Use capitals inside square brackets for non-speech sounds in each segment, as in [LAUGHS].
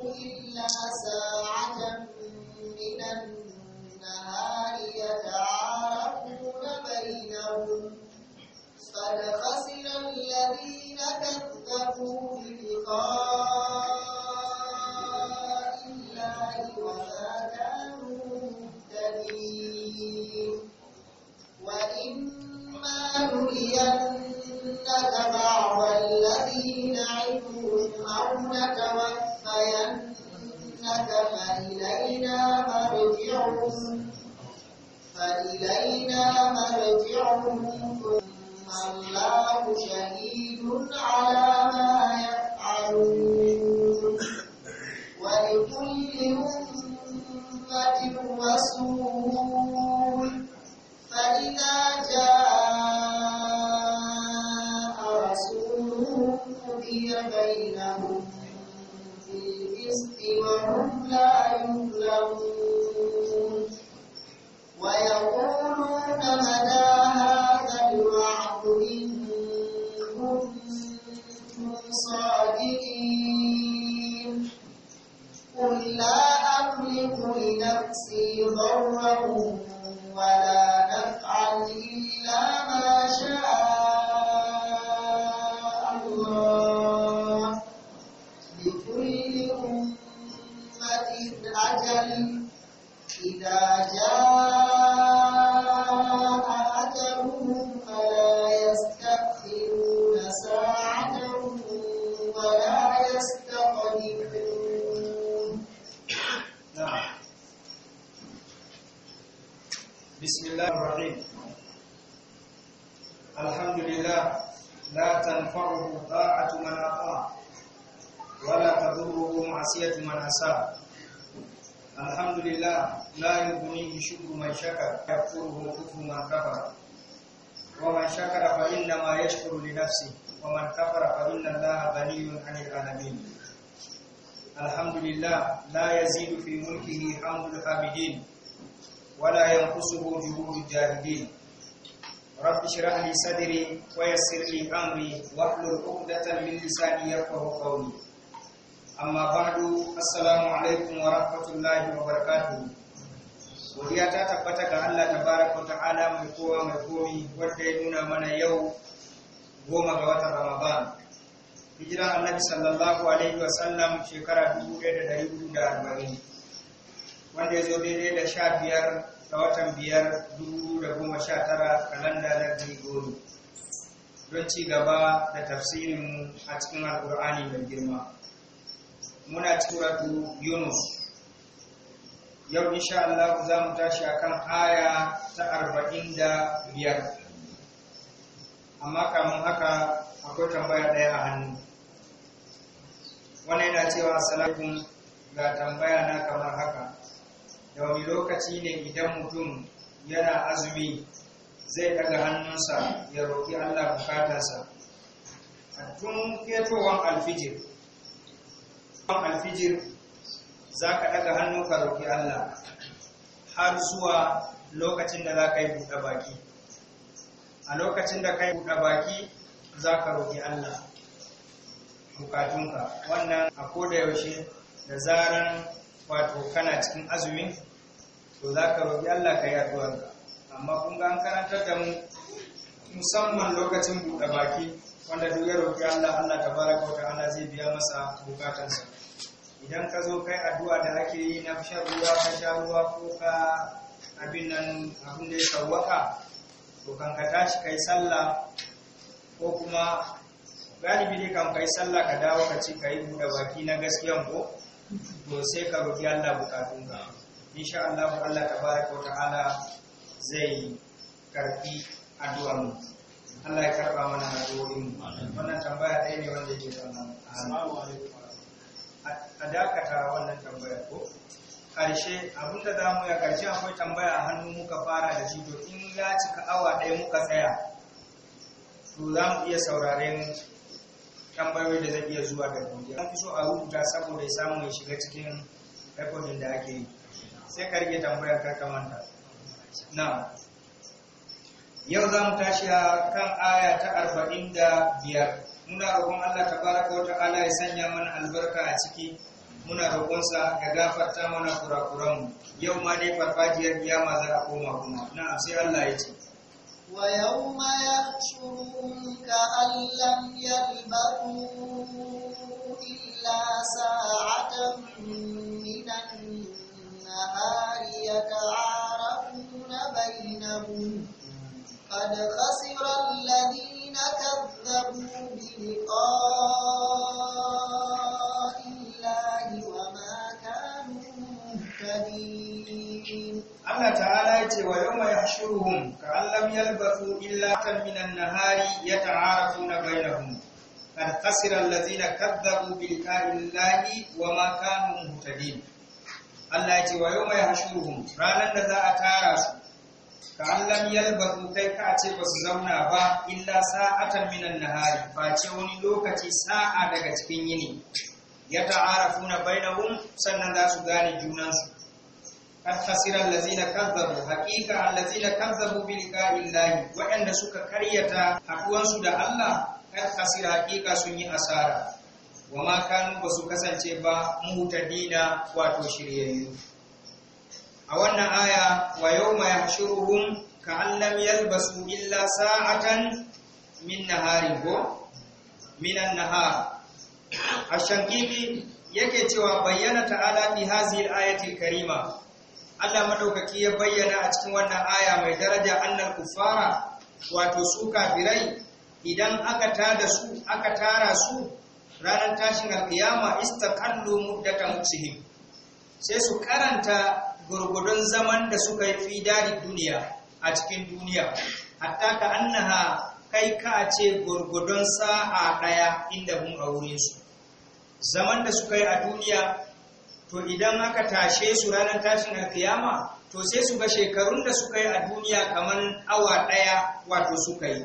إلا ساعة ma'asiyati man asa alhamdulillah la yughni shukru man shakara yakfuru wa man kafara wa man shakara fa inna ma yashkuru li nafsi wa man kafara fa inna 'anil 'alamin alhamdulillah la yazidu fi mulkihi hamdul hamidin wa la yanqusuhu juhudul jahidin rabbi shrah li sadri wa yassir li amri wa ahlul 'uqdatan min lisani yafqahu qawli amma ba'du assalamu alaikum wa rahmatullahi wa barakatuh godiya ta tabbata ga Allah tabaraka ta'ala mai kowa mai komi wanda ya nuna mana yau goma ga watan Ramadan hijira annabi sallallahu alaihi wa sallam shekara 1440 wanda ya zo daidai da sha biyar ga watan biyar dubu da goma sha tara kalanda na Gregori don ci gaba da tafsirinmu a cikin alkur'ani mai girma muna turatu yunus yau insha Allah za mu tashi akan aya ta arba'in da biyar amma kamun haka akwai tambaya ɗaya a hannu wani yana cewa salafin ga tambaya na kamar haka da wani lokaci ne idan mutum yana azumi zai daga hannunsa ya roƙi Allah bukatarsa a tun ketowar alfijir alfijir za ka ɗaga hannu ka roƙi Allah har zuwa lokacin da za ka yi buɗe baki a lokacin da ka yi buɗe baki za ka roƙi Allah bukatunka wannan a koda yaushe da zaran wato kana cikin azumin to za ka roƙi Allah ka yi addu'arka amma kun an karantar da mu musamman lokacin buɗe baki wanda duk ya roƙi Allah Allah tabaraka wa ta'ala zai biya masa bukatansa idan ka zo kai addu'a da ake yi na fi ruwa ka sha ruwa ko ka abin nan abin da ya sawwaka to kan ka tashi kai sallah ko kuma galibi dai kan kai sallah ka dawo ka ci kai buɗe baki na gaskiyan ko to sai ka roƙi Allah bukatunka insha Allah Allah tabaraka wa ta'ala zai karɓi addu'a mu Allah ya karba mana addu'o'in wannan tambaya ɗaya ne wanda yake sannan a dakata wannan tambaya ko karshe abinda za mu ya karshe akwai tambaya a hannu muka fara da shi to in ya cika awa ɗaya muka tsaya to za mu iya sauraren tambayoyi da zai iya zuwa da gobe an fi so a rubuta saboda ya samu ya shiga cikin rekodin da ake yi sai ka rike tambayar ka kamanta na yau za mu tashi a kan aya ta arba'in da biyar muna roƙon allah tabaraka wata ala, ya sanya mana albarka a ciki muna roƙonsa ya gafarta mana kurakuranmu yau ma dai farfajiyar ma za a koma kuma Na amsai allah ya ce ويوم يحشرهم كأن لم يلبثوا إلا illa sa'atan قد خسر الذين كذبوا بلقاء الله وما كانوا مهتدين الله تعالى يتي ويوم يحشرهم كأن لم يلبثوا إلا من النهار يتعارفون بينهم قد خسر الذين كذبوا بلقاء الله وما كانوا مهتدين Allah ya ce wa yau mai hashuruhum ranar da za a tara su kallan yalba kai ka ce ba su zauna ba illa sa'atan minan nahari ba ce wani lokaci sa'a daga cikin yini ya ta'arafu na hun sannan za su gane junansu kan hasira lazina kazzabu haqiqa allazina kazzabu bi liqa'illahi wa suka karyata haɗuwansu da Allah kan hasira haqiqa sun yi asara wa ma kanu ba su kasance ba mutadina wato shiryayyu a wannan aya wa yawma yahshuruhum ka'an lam yalbasu illa sa'atan min ko minan nahar ashankibi yake cewa bayyana ta'ala fi hazihil ayatil karima Allah madaukaki ya bayyana a cikin wannan aya mai daraja annal kufara wato su kafirai idan aka tada su aka tara su ranar tashin alkiyama istaqallu muddatan mutsihim sai su karanta gurgudun zaman da suka yi fi dari duniya a cikin duniya hatta ka annaha kai ka ce gurgudun sa'a ɗaya inda mun a su. zaman da suka yi a duniya to idan aka tashe su ranar tashin alkiyama to sai su ga shekarun da suka yi a duniya kamar awa ɗaya wato suka yi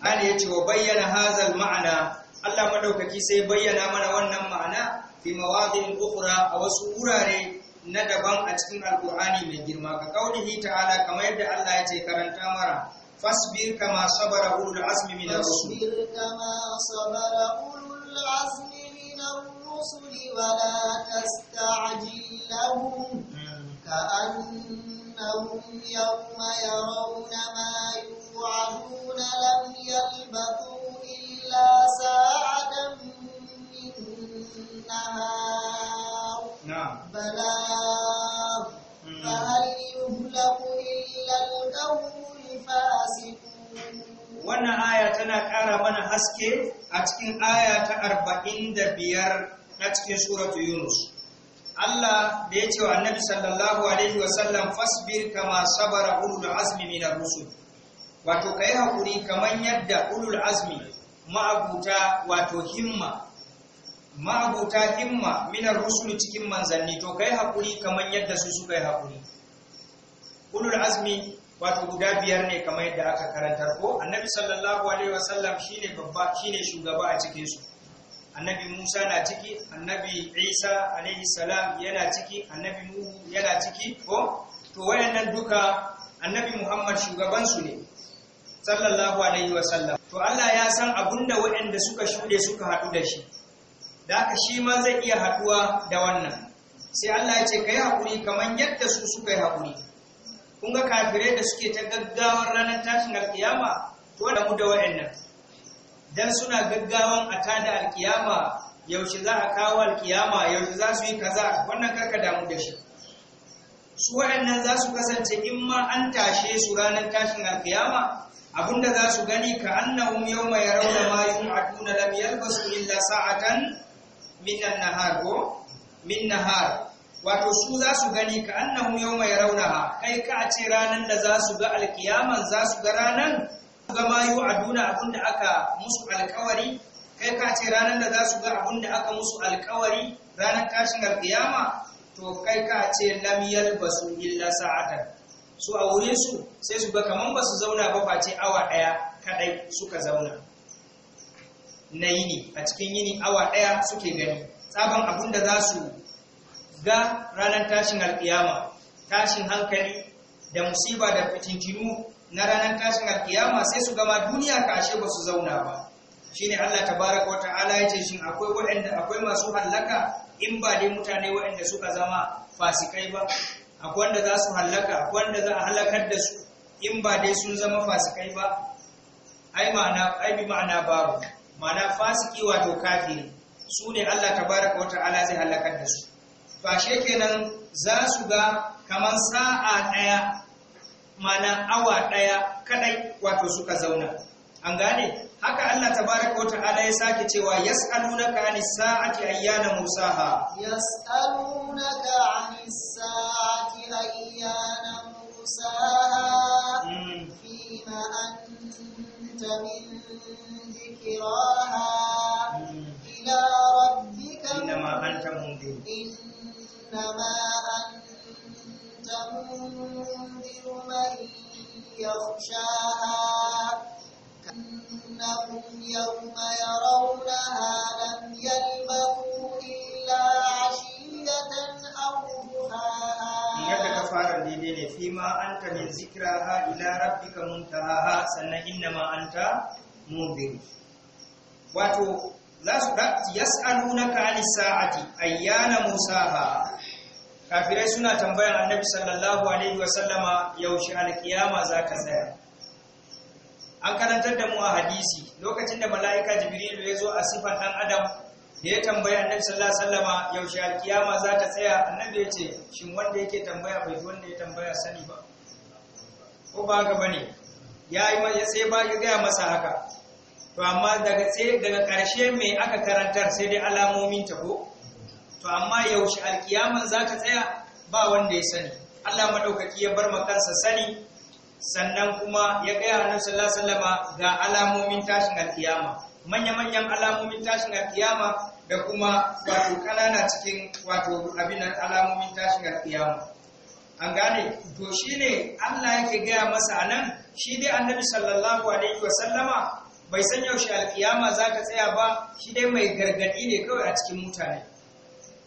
ana ya ce wa bayyana hazal ma'ana Allah madaukaki sai bayyana mana wannan ma'ana fi mawadin ukhra a wasu wurare na daban a cikin Al'ƙur'ani mai girma ka kaulihi ta'ala kamar yadda Allah ya ce karanta mara fasbir kama sabara ulul azmi min ar-rusul fasbir kama sabara ulul azmi min wannan aya tana ƙara mana haske a cikin aya ta arba'in da biyar na cikin suratu yunus Allah da ya ce wa annabi sallallahu alaihi wasallam fasbir kama sabara ulul azmi min ar-rusul wato kai hakuri kaman yadda ulul azmi ma'abuta wato himma ma'abuta himma min ar-rusul cikin manzanni to kai hakuri kaman yadda su suka yi hakuri ulul azmi wato guda biyar ne kamar yadda aka karantar ko annabi sallallahu alaihi wasallam shine babba shine shugaba a cikin su annabi Musa na ciki annabi Isa alaihi salam yana ciki annabi Nuhu yana ciki ko to wayannan duka annabi Muhammad shugaban su ne sallallahu alaihi wasallam to Allah ya san abunda wayanda suka shude suka hadu da shi da ka shi ma zai iya haduwa da wannan sai Allah ya ce kai hakuri kamar yadda su suka yi hakuri kun ga kafirai da suke ta gaggawar ranar tashin alkiyama to da mu da wa'annan dan suna gaggawan a tada alkiyama yaushe za a kawo alkiyama yaushe za su yi kaza wannan karka damu da shi su waɗannan za su kasance in ma an tashe su ranar tashin alkiyama abinda za su gani ka annahum yawma yarawna ma yu'aduna lam yalbasu illa sa'atan min an-nahar min nahar wato su za su gani ka annahu yawma yarawnaha kai ka ce ranan da za su ga alkiyaman za su ga ranan ga mayu aduna abinda aka musu alkawari kai ka ce ranan da za su ga abinda aka musu alkawari ranan tashin alkiyama to kai ka ce lam yalbasu illa sa'atan su a wurin su sai su ga kaman ba su zauna ba face awa daya kadai suka zauna na yini a cikin yini awa daya suke gani tsaban abinda za su ga ranar tashin alkiyama tashin hankali da musiba da fitintinu na ranar tashin alkiyama sai su gama duniya kashe ba su zauna ba Shi ne Allah tabaraka wa ta'ala yace shin akwai waɗanda akwai masu hallaka in ba dai mutane waɗanda suka zama fasikai ba akwai wanda za su hallaka akwai wanda za a halakar da su in ba dai sun zama fasikai ba ai ma'ana ai bi ma'ana babu ma'ana fasiki wato kafiri su ne Allah tabaraka wa ta'ala zai halakar da su ba kenan za su ga kamar sa'a ɗaya mana awa ɗaya kaɗai wato suka zauna an gane haka Allah ta tabaraka wa ala ya sake cewa yas'alunaka 'anis sa'ati ayyana musaha yas'alunaka 'anis sa'ati ayyana musaha hmm. fima anta min ha hmm. ila rabbika inma anta إنما أنت منذر من يخشاها كأنهم يوم يرونها لم يلبثوا إلا عشية أو ضحاها daidai ne fi ma an ta min zikira ha ila rabbika muntaha ha sannan inna ma an ta mubiru wato za su da yas'aluna ka ani sa'ati ayyana musaha kafirai suna tambayan annabi sallallahu alaihi wasallama yaushe alkiyama za ka tsaya an karantar da mu a hadisi lokacin da mala'ika jibrilu ya zo a sifar ɗan adam da ya tambaya annabi sallallahu alaihi wasallama yaushe alkiyama za ta tsaya annabi ya ce shin wanda yake tambaya bai wanda ya tambaya sani ba ko ba bane ya yi sai ba ya gaya masa haka to amma daga daga me aka karantar sai dai alamomin ta ko to amma yaushe alkiyaman za ka tsaya ba wanda ya sani Allah maɗaukaki ya bar makansa sani sannan kuma ya gaya annabi sallallahu alaihi wasallama ga alamomin tashin alkiyama manya-manyan alamomin tashin alkiyama da kuma wato kanana cikin wato abin alamomin tashin alkiyama an gane to shine Allah yake gaya masa anan shi dai annabi sallallahu alaihi wasallama bai san yaushe alkiyama za ka tsaya ba shi dai mai gargadi ne kawai a cikin mutane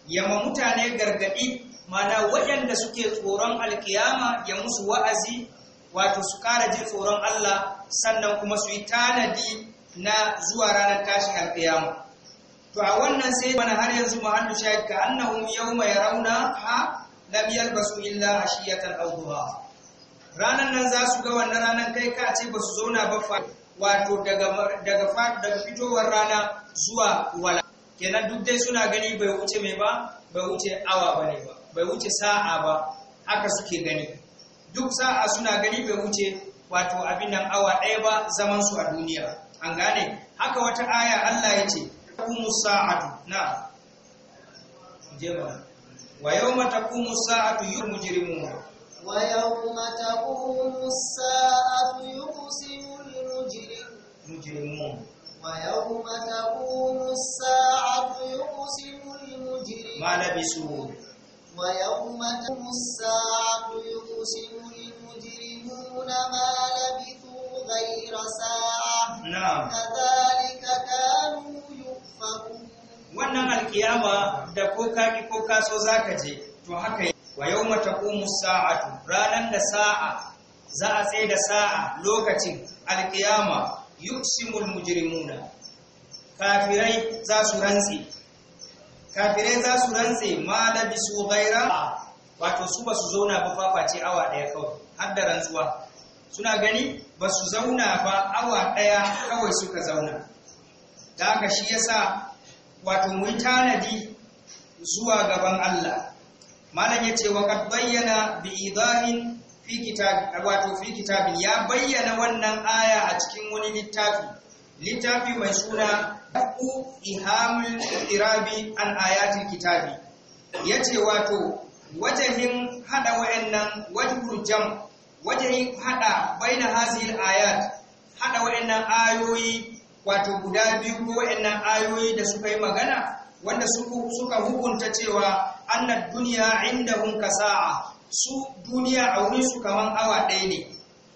yamma mutane gargaɗi, mana waɗanda suke tsoron alkiyama ya musu wa'azi wato su ƙara jin tsoron Allah sannan kuma su yi tanadi na zuwa ranar tashi alkiyama to a wannan sai mana har yanzu mahallu shahid ka yau mai rauna ha lam yalbasu illa ashiyatan aw ranan nan za su ga wannan ranar kai ka ce ba su zauna ba wato daga daga fitowar rana zuwa wala kenan duk dai suna gani bai wuce mai ba bai wuce awa ba ne ba bai wuce sa'a ba haka suke gani duk sa'a suna gani bai wuce wato abin nan awa ɗaya ba zaman su a duniya an gane haka wata aya Allah ya ce taqumu sa'atu na jema wa yawma taqumu sa'atu yi mujrimun wa yawma taqumu sa'atu yuqsimu al ويوم تقوم الساعة يقسم المجرمون ما لبسوا ويوم تقوم الساعة يقسم المجرمون ما لبثوا غير ساعة نعم كذلك كانوا يؤفكون wannan alkiyama da ko kaki ko kaso zaka je to haka wa yawma taqumu sa'atu ranar da sa'a za a tsaye da sa'a lokacin alkiyama yusimul mujrimuna kafirai za su rantse kafirai za su rantse ma bisu ghaira wato su ba su zauna ba faface awa daya kawai har da rantsuwa suna gani ba su zauna ba awa daya kawai suka zauna da haka shi yasa wato mu tanadi zuwa gaban Allah malam yace wa qad bayyana bi idahin fi kitab wato fi kitabin ya bayyana wannan aya a cikin wani littafi littafi mai suna ku ihamul irabi an ayatul kitabi yace wato wajahin hada wayannan wajhul jam wajahin hada baina hazil ayat hada wayannan ayoyi wato guda biyu ko wayannan ayoyi da suka yi magana wanda suka hukunta cewa annad dunya indahum kasa'a su duniya a wurin su kaman awa ɗaya ne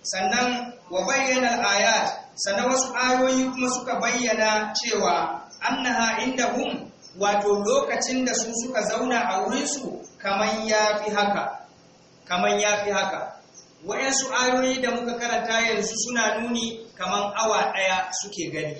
sannan wa bayyana ayat sannan wasu ayoyi kuma suka bayyana cewa annaha hum wato lokacin da su suka zauna a wurin su kaman fi haka kaman yafi haka wayansu ayoyi da muka karanta yanzu suna nuni kaman awa ɗaya suke gani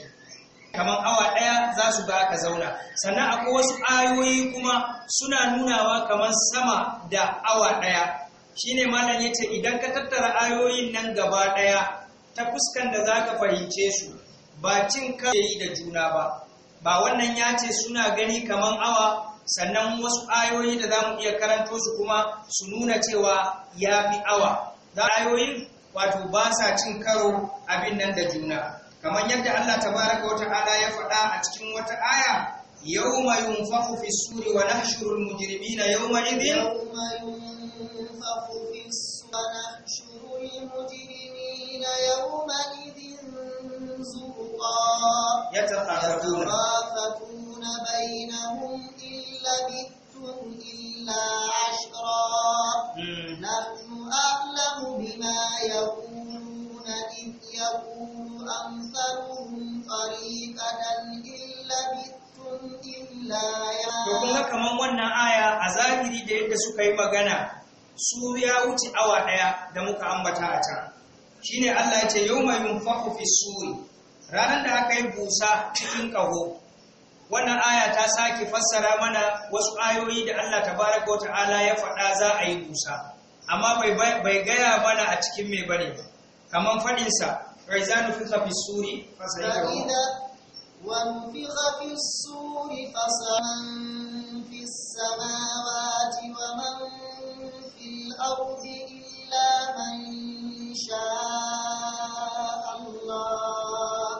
kamar awa ɗaya za su ba ka zauna sannan akwai wasu ayoyi kuma suna nunawa kamar sama da awa ɗaya Shi ne malam ya ce idan ka tattara ayoyin nan gaba ɗaya ta fuskan da za ka fahimce su ba cin ka yi da juna ba ba wannan ya ce suna gani kamar awa sannan wasu ayoyi da za mu iya karanto su kuma su nuna cewa ya fi awa za ayoyin wato ba sa cin karo abin nan da juna kamar yadda Allah tabaraka wa ta'ala ya faɗa a cikin wata aya yawma yunfakhu fi suri wa nahshurul mujrimina yawma idhin yawma yunfakhu fi suri wa nahshurul mujrimina yawma idhin zurqa yatakhafatuna bainahum illa bitum illa a zahiri da yadda suka yi magana su ya wuce awa ɗaya da muka ambata a can ne Allah ya ce yawma yunfahu fi suri ranar da aka yi busa cikin ƙaho wannan aya ta sake fassara mana wasu ayoyi da Allah ta wa ta'ala ya faɗa za a yi busa amma bai gaya mana a cikin mai bane kamar faɗinsa rai za ni fi fi suri yi السماوات ومن في الأرض إلا من شاء الله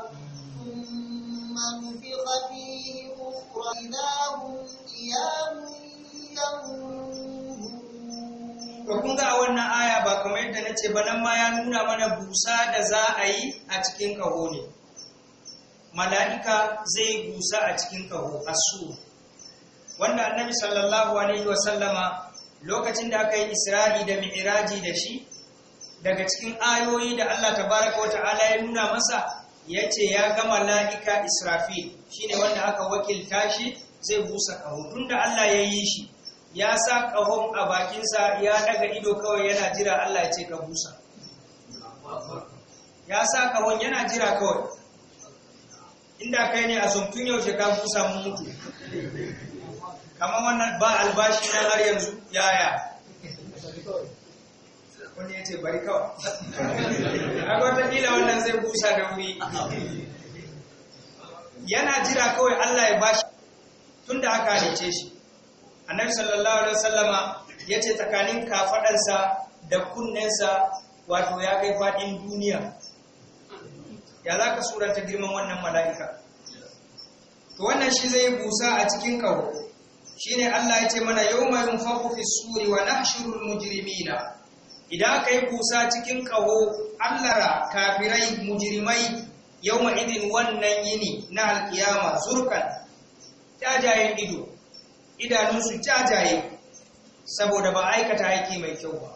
ثم نفخ فيه أخرى إذا هم قيام To kun ga a wannan aya ba kamar yadda na ce ba nan ma ya nuna mana busa da za a yi a cikin kaho ne. Mala'ika zai busa a cikin kaho, asu. wanda annabi sallallahu alaihi wasallama lokacin da aka yi isra'i da mi'raji da shi daga cikin ayoyi da Allah tabaraka wa ta'ala ya nuna masa yace ya ga mala'ika israfil shine wanda aka wakilta shi zai busa kaho tunda Allah ya yi shi ya sa kahon a bakinsa ya daga ido kawai yana jira Allah ya ce ka busa ya sa kahon yana jira kawai inda kai ne a zumtun yaushe ka busa mun mutu kamar wannan ba albashi na har yanzu yaya wani ya ce bari kawai a watakila wannan zai busa da wuri yana jira kawai Allah ya bashi tun da aka halice shi annabi sallallahu alaihi wasallama ya ce tsakanin kafaɗansa da kunnensa wato ya kai faɗin duniya ya za ka suranta girman wannan mala'ika to wannan shi zai busa a cikin kawo shine Allah ya ce mana yawma yunfakhu fi suri wa mujirimi na idan aka yi kusa cikin kaho allara kafirai mujrimai yawma idin wannan yini na alkiyama zurkan jajayen ido idanunsu jajaye saboda ba aikata aiki mai kyau ba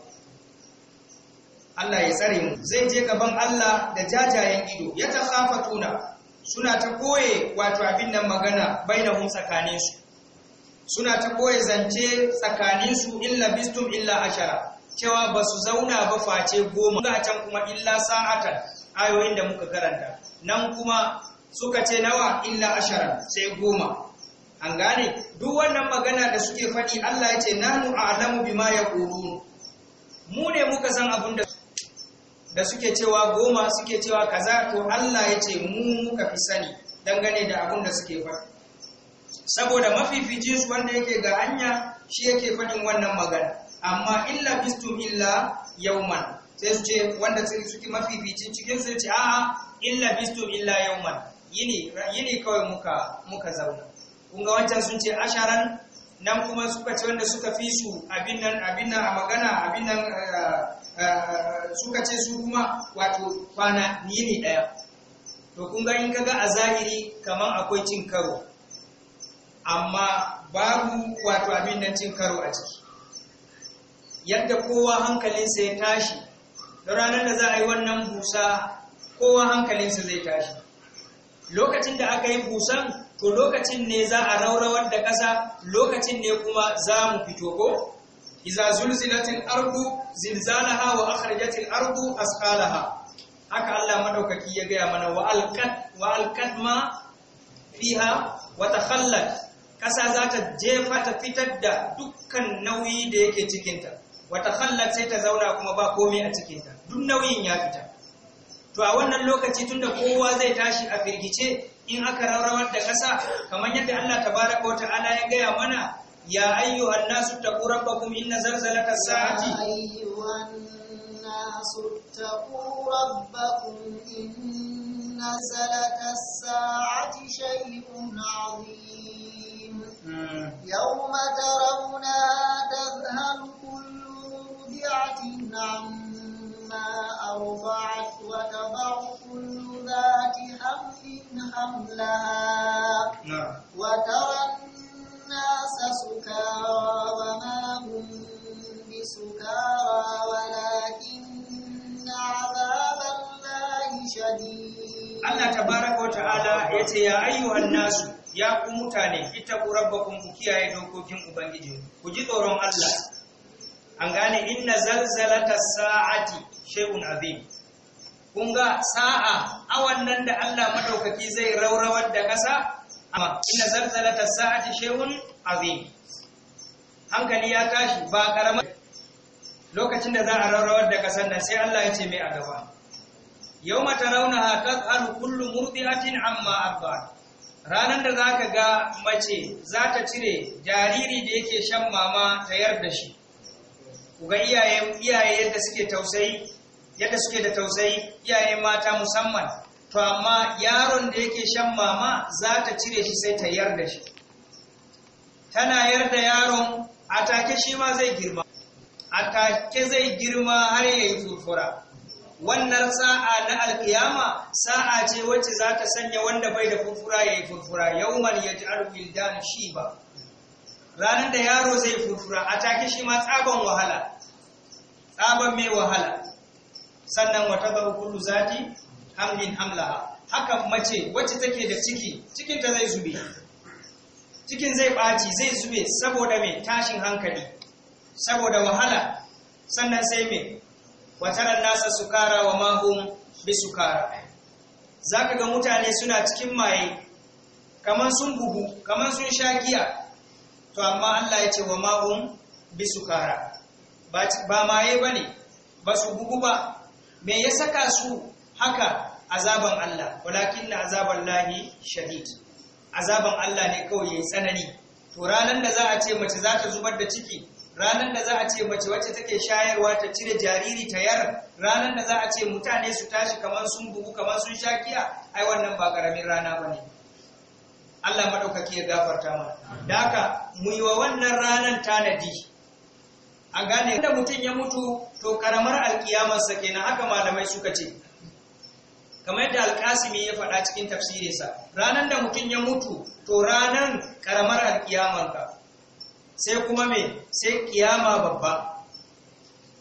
Allah ya tsare mu zai je gaban Allah da jajayen ido ya tuna suna ta koye wato abin nan magana bai bainahum tsakaninsu suna ta koya zance tsakaninsu illa bistum illa ashara cewa ba su zauna ba face goma ga can kuma illa sa'atan ayoyin da muka karanta nan kuma suka ce nawa illa ashara sai goma an gane duk wannan magana da suke faɗi Allah ya ce nanu a'lamu bima yaqulun mu ne muka san abin da da suke cewa goma suke cewa kaza to Allah ya ce mu muka fi sani dangane da abin da suke faɗi saboda mafificin su wanda yake ga hanya shi yake faɗin wannan magana amma illa bistum illa man, sai su ce wanda suke mafificin cikin su ce a'a illa bistum illa man, yini ne kawai muka muka zauna kun ga wancan sun ce asharan nan kuma suka ce wanda suka fi su abin nan abin nan a magana abin nan eh, eh, eh, suka ce su kuma wato kwana ni ne daya to kun ga in kaga a zahiri kamar akwai cin karo amma babu wato abin nan cin karo a ciki yadda kowa hankalinsa ya tashi da ranar da za a yi wannan busa kowa hankalinsa zai tashi lokacin da aka yi busan to lokacin ne za a raurawar da ƙasa lokacin ne kuma za mu fito ko iza zulzilatil ardu zilzalaha wa akhrajatil ardu asqalaha haka Allah madaukaki ya gaya mana wa alqat wa alqat fiha wa takhallat ƙasa za ta jefa ta fitar da dukkan nauyi da yake cikinta wata hallar sai ta zauna kuma ba komai a cikinta duk nauyin ya fita to a wannan lokaci tunda kowa zai tashi a firgice in aka rarrawar da ƙasa kamar yadda Allah tabaraka wata'ala ya gaya mana ya ayyuhan nasu taqu rabbakum inna zalzalata sa'ati inna zalzalata sa'ati shay'un 'azim يوم ترون تذهب كل مرضعة عما أرضعت وتضع كل ذات حمل حملها وترى الناس سكارى وما هم بسكارى ولكن عذاب الله شديد الله تبارك وتعالى يتي يا أيها الناس ya ku mutane rabba rabbakum ku kiyaye dokokin ubangiji ku ji tsoron Allah an gane inna zalzalata sa'ati shay'un azim kun ga sa'a a wannan da Allah madaukaki zai raurawar da kasa amma inna zalzalata sa'ati shay'un azim hankali ya tashi ba karama lokacin da za a raurawar da kasar nan sai Allah ya ce mai a gaba yawma tarawnaha tadhhalu kullu murdi'atin amma arba'at ranar da za ka ga mace za ta cire jariri da yake shan mama ta yarda shi ku ga iyaye yadda suke tausayi yadda suke da tausayi iyaye mata musamman to amma yaron da yake shan mama za ta cire shi sai ta yarda shi tana yarda yaron a take shi ma zai girma a take zai girma har yayi yi wannan sa'a na alkiyama sa'a ce wacce za ta sanya wanda bai da furfura ya yi furfura yawman ya ji na shi ba ranar da yaro zai furfura a take shi ma tsaban wahala tsaban mai wahala sannan wata ba kullu zati hamlin hamlaha haka mace wacce take da ciki cikin ta zai zube cikin zai ɓaci zai zube saboda mai tashin hankali saboda wahala sannan sai mai wataran nasa sukara wa mahum bi sukara zaka ga mutane suna cikin maye kaman sun bugu kaman sun sha giya to amma Allah ya ce wa mahum bi sukara ba maye bane ba su bugu ba me ya saka su haka azaban Allah walakin azaban lahi shadid azaban Allah ne kawai yayi tsanani to ranan da za a ce mace za ta zubar da ciki Ranan da za a ce mace wacce take shayarwa ta cire jariri ta yar ranar da za a ce mutane su tashi kamar sun bugu kamar sun sha kiya ai wannan ba karamin rana ba ne Allah maɗaukaki ya gafarta mana da haka mu yi wa wannan ranar tanadi a gane da mutum ya mutu to karamar alkiyamarsa kenan haka malamai suka ce kamar yadda alkasimi ya faɗa cikin tafsirinsa ranar da mutum ya mutu to ranar karamar alkiyamarka sai kuma me sai kiyama babba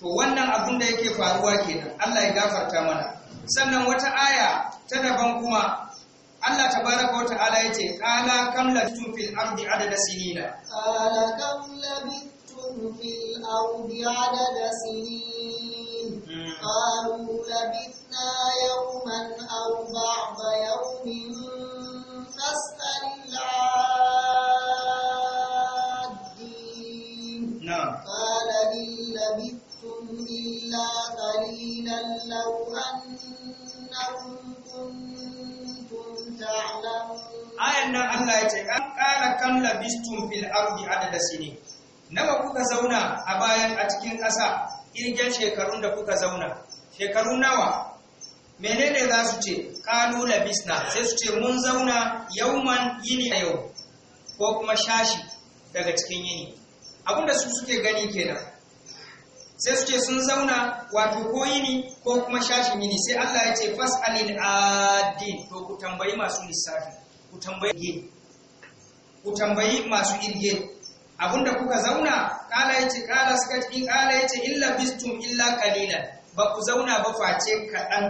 to wannan abin da yake faruwa kenan Allah ya gafarta mana sannan wata aya ta daban kuma Allah tabaraka wata'ala yace qala kam labithum fil ardi adada sinina qala kam labithum fil ardi adada sinin hmm. qalu labithna yawman aw ba'da yawmin labistum fil ardi adada sinin nawa kuka zauna a bayan a cikin ƙasa kirgen shekarun da kuka zauna shekaru nawa menene za su ce kalu labisna sai su ce mun zauna yauman yini a yau ko kuma shashi daga cikin yini abinda su suke gani kenan sai su ce sun zauna wato ko yini ko kuma shashi yini sai Allah ya ce fas'alil adin to ku tambayi masu lissafi ku tambayi ku tambayi masu irge abinda kuka zauna kala yace kala suka cikin kala yace illa bistum illa qalilan ba ku zauna ba face kaɗan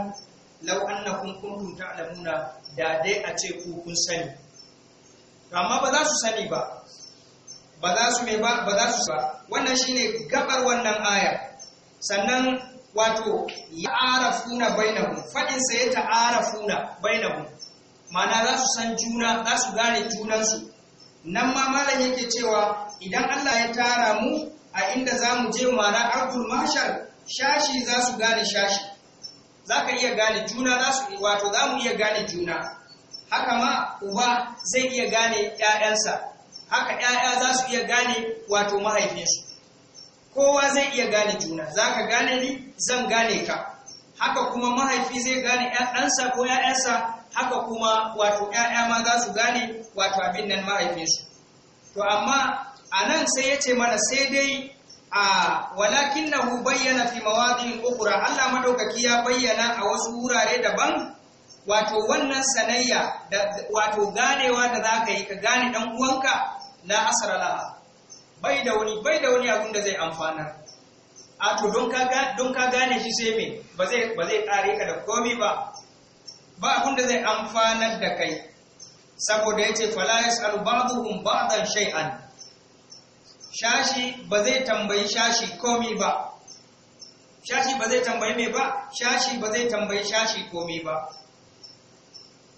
lau annakum kuntum ta'lamuna da dai a ce ku kun sani amma ba za su sani ba ba za su mai ba ba za su ba wannan shine gabar wannan aya sannan wato ya arafuna bainahum fadin sa ya arafuna bainahum ma'ana za su san juna za su gane junansu nan ma malam yake cewa idan Allah ya tara mu a inda za mu je mara abdul mashar shashi za su gane shashi za ka iya gane juna za su wato za mu iya gane juna haka ma uba zai iya gane ‘ya'yansa haka ‘ya'ya za su iya gane wato mahaifinsu kowa zai iya gane juna za ka gane ni zan gane ka haka kuma mahaifi zai gane ‘ya'yansa ko ‘ya'yansa haka kuma wato ‘ya'ya ma za su gane wato abin nan mahaifinsu. To, amma a nan sai ya ce mana sai dai a walakin na bayyana fi mawadin ukura Allah maɗaukaki ya bayyana a wasu wurare daban wato wannan sanayya da wato ganewa da za ka yi ka gane ɗan uwanka na asarala bai da wani bai da wani abin da zai amfana a to don ka gane shi sai me ba zai ba ka da komi ba ba abinda zai amfanar da kai saboda ya ce falayas ya ba shai'an shashi ba zai tambayi shashi komi ba shashi ba zai tambayi mai ba shashi ba zai tambayi shashi komi ba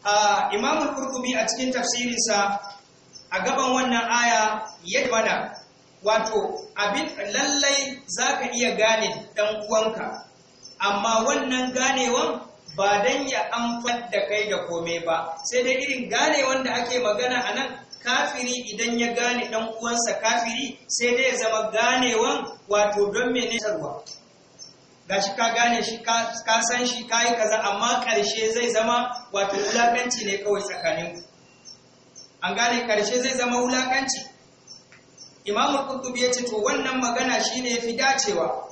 a imamul kurkumi a cikin tafsirinsa a gaban wannan aya ya mana wato abin lallai za ka iya gane dan uwanka amma wannan ganewan ba dan ya amfar da kai da komai ba sai dai irin gane wanda ake magana a nan kafiri idan ya gane dan uwansa kafiri sai dai ya zama ganewan wato don mene sarwa shi ka gane shi ka san shi ka yi kaza amma ƙarshe zai zama wato wulakanci ne kawai tsakanin an gane ƙarshe zai zama wulakanci imamu kurtubi ya ce to wannan magana shine fi dacewa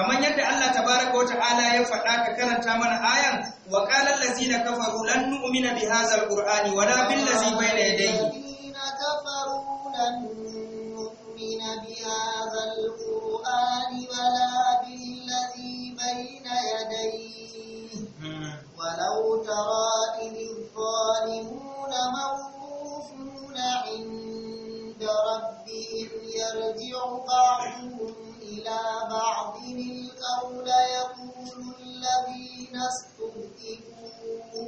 kamar yadda Allah tabaraka wa ta'ala ya faɗa ka karanta mana ayan wa qala allazina kafaru lan nu'mina bi hadzal qur'ani wa la bil ladzi bayna yadayhi kafaru lan nu'mina bi hadzal qur'ani wa la bil ladzi bayna yadayhi hmm. walau tara idh zalimuna mawqufuna 'inda rabbihim yarji'u ba'dhum إلى بعض القول يقول الذين استضعفوا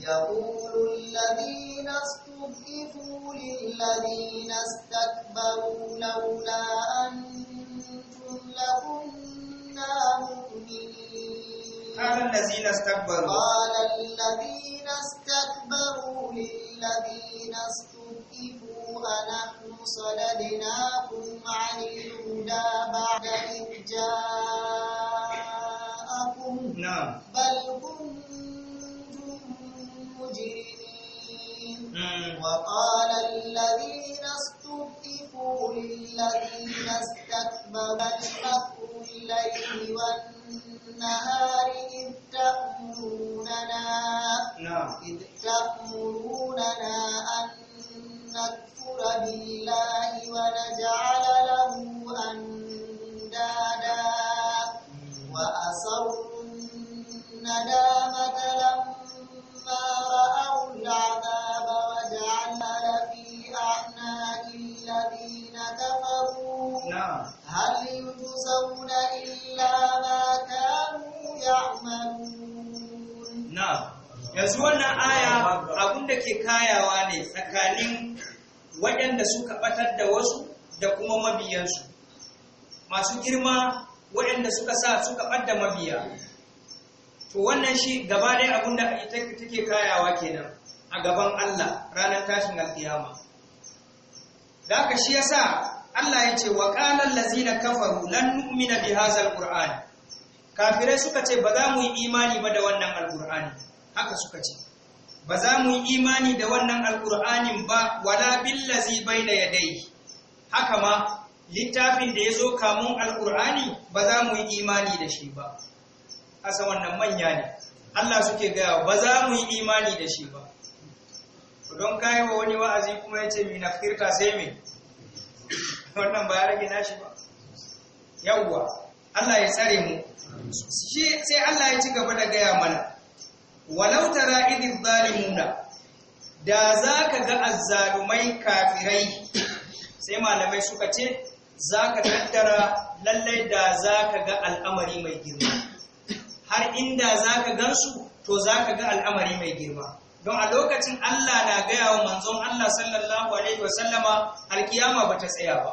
يقول الذين استضعفوا للذين استكبروا لولا أنتم لكنا مؤمنين قال الذين استكبروا قال الذين استكبروا للذين استضعفوا فنحن صددناكم عن الهدى بعد إذ جاءكم نعم بل كنتم مجرمين وقال الذين استضعفوا للذين استكبروا فاشفقوا الليل والنهار إذ تأمروننا نعم إذ تأمروننا أن بالله ونجعل له أندادا وأسروا الندامة لما رأوا العذاب وجعلنا في أعناق الذين كفروا هل يجزون إلا ما كانوا يعملون نعم yanzu wannan aya abin da ke kayawa ne tsakanin waɗanda suka batar da wasu da kuma mabiyansu masu girma waɗanda suka sa suka da mabiya to wannan shi gaba ɗaya abin da take kayawa kenan a gaban Allah ranar tashin alkiyama da ka shi yasa Allah ya ce wa qalan lazina kafaru lan nu'mina bi hadzal qur'an kafirai suka ce ba za mu yi imani ba da wannan alqur'ani haka suka ce ba za mu yi imani da wannan alƙur'anin ba wala billazi baina dai haka ma littafin da ya zo kamun alƙur'ani ba za mu yi imani da shi ba asa wannan manya ne Allah suke gaya ba za mu yi imani da shi ba don kayi wa wani wa'azi kuma ya ce minafirta sai me wannan ba ya rage nashi ba yawwa Allah ya tsare mu sai Allah ya ci gaba da gaya mana walau tara idin zalimuna da za ka ga azzalumai kafirai sai malamai suka ce za ka tattara lallai da za ka ga al'amari mai girma har inda za ka gansu to za ka ga al'amari mai girma don a lokacin Allah na gaya wa manzon Allah sallallahu alaihi wasallama alkiyama ba ta tsaya ba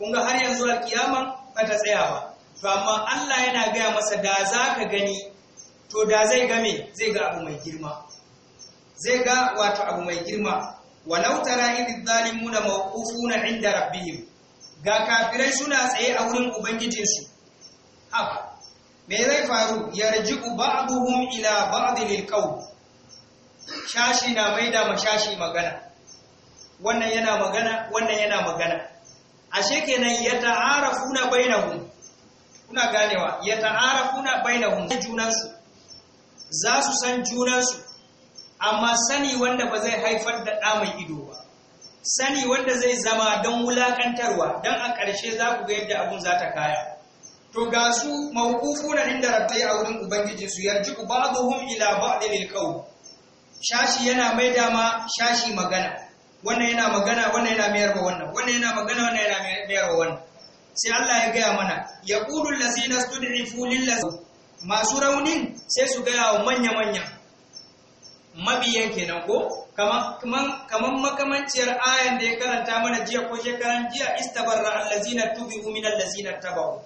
kun har yanzu alkiyama ba ta tsaya ba to amma Allah yana gaya masa da za ka gani to da zai ga me zai ga abu mai girma zai ga wato abu mai girma walau tara idh zalimuna mawqufuna inda rabbihim ga kafirai suna tsaye a wurin su haka me zai faru yarji'u ba'duhum ila ba'd lil qawl shashi na maida ma shashi magana wannan yana magana wannan yana magana ashe kenan yata'arafuna bainahum kuna ganewa yata'arafuna bainahum junansu za su san junansu amma sani wanda ba zai haifar da ɗa mai ido ba sani wanda zai zama don wulakantarwa don a ƙarshe za ku ga yadda abun za ta kaya to ga su na inda rabbai a wurin ubangiji su yarji ba'dhum ila ba'd lil qawl shashi yana mai dama shashi magana wannan yana magana wannan yana mayar ba wannan wannan yana magana wannan yana mayar ba wannan sai Allah ya gaya mana yaqulu allazina stud'ifu lil ladzina masu raunin sai su gaya wa manya-manya mabiyan kenan ko Kamar makamanciyar ayan da ya karanta mana jiya ko shekaran jiya istabarra allazina tubi'u min allazina tabahu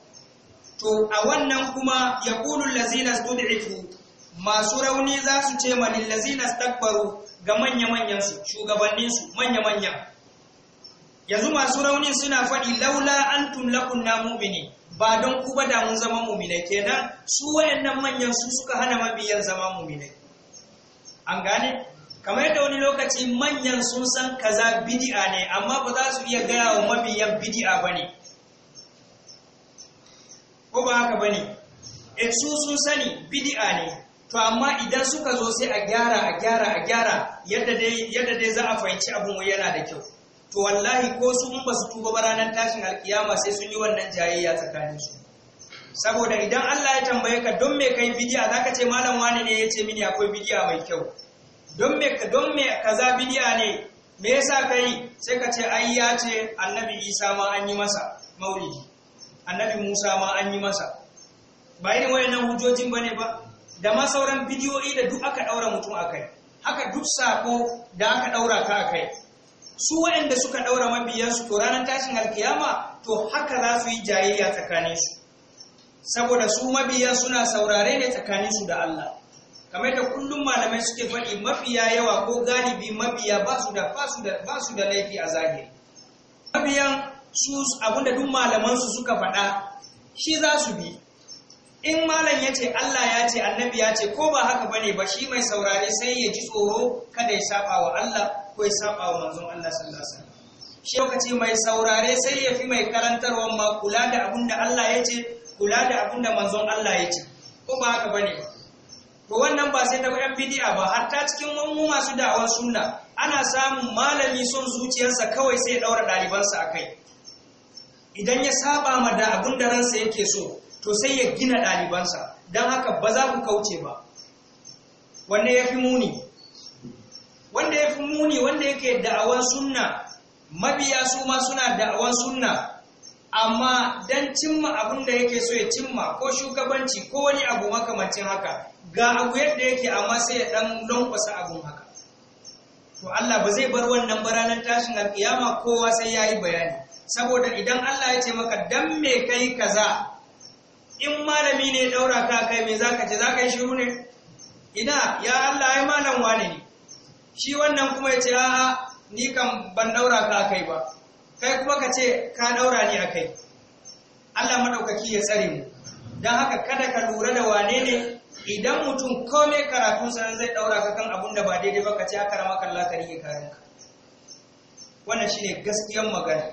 to a wannan kuma ya yaqulu allazina stud'ifu masu rauni za su ce man allazina stakbaru ga manya-manyan su shugabannin manya-manya yanzu masu raunin suna faɗi laula antum lakunna mu'minin ba don ku ba da mun zama muminai kenan su wayannan manyan su suka hana mabiyan zama muminai an gane kamar yadda wani lokaci manyan sun san kaza bidi'a ne amma ba za su iya gaya wa mabiyan bidi'a ba ne ko ba haka ba ne eh, su sun sani bidi'a ne to amma idan suka zo sai a gyara a gyara a gyara yadda dai za a fahimci abin yana da kyau to wallahi ko su in ba su tuba ba ranar tashin alkiyama sai sun yi wannan jayayya tsakanin su saboda idan Allah ya tambaye ka don me kai bidiya zaka ce malam wani ne ya ce mini akwai bidiya mai kyau don me ka don me kaza bidiya ne me yasa kai sai ka ce ai ya ce annabi Isa ma an yi masa maulidi annabi Musa ma an yi masa ba irin wayannan hujojin bane ba da ma sauran bidiyoyi da duk aka daura mutum akai haka duk sako da aka daura ka akai su waɗanda suka ɗaura mabiyansu to ranar tashin alkiyama to haka za su yi jayayya tsakaninsu saboda su mabiya suna saurare ne tsakaninsu da Allah kamar da kullum malamai suke faɗi mafiya yawa ko galibi mabiya ba su da ba su da laifi a zahiri mabiyan su abinda duk malamansu suka faɗa shi za su bi in malam ya ce Allah ya ce annabi ya ce ko ba haka bane ba shi mai saurare sai ya ji tsoro kada ya saba wa Allah ko ya saba wa manzon Allah sallallahu alaihi wasallam shi lokaci mai saurare sai ya fi mai karantarwa ma kula da abin Allah ya ce kula da abin da manzon Allah ya ce ko ba haka bane to wannan ba sai ta yan bid'a ba Har ta cikin mu masu da'awar sunna ana samun malami son zuciyarsa kawai sai ya daura dalibansa akai idan ya saba ma da abinda da ransa yake so to sai ya gina dalibansa dan haka ba za ku kauce ba wanne ya fi muni wanda ya fi muni wanda yake da'awan sunna mabiya su ma suna da'awan sunna amma dan cimma abin da yake so ya cimma ko shugabanci ko wani abu makamancin haka ga abu yadda yake amma sai ya dan lankwasa abun haka to Allah ba zai bar wannan baranan tashin alkiyama kowa sai yayi bayani saboda idan Allah ya ce maka dan me kai kaza in malami ne daura ka kai me zaka ce zaka yi shiru ne ina ya Allah ai malam wane ne shi wannan kuma ya ce a'a ni kan ban daura ka akai ba kai kuma ka ce ka daura ni akai Allah madaukaki ya tsare mu dan haka kada ka lura da wane ne idan mutum kome karatu sa zai daura ka kan abun da ba daidai ba ka ce haka ramaka Allah ka rike kayan ka wannan shine gaskiyar magana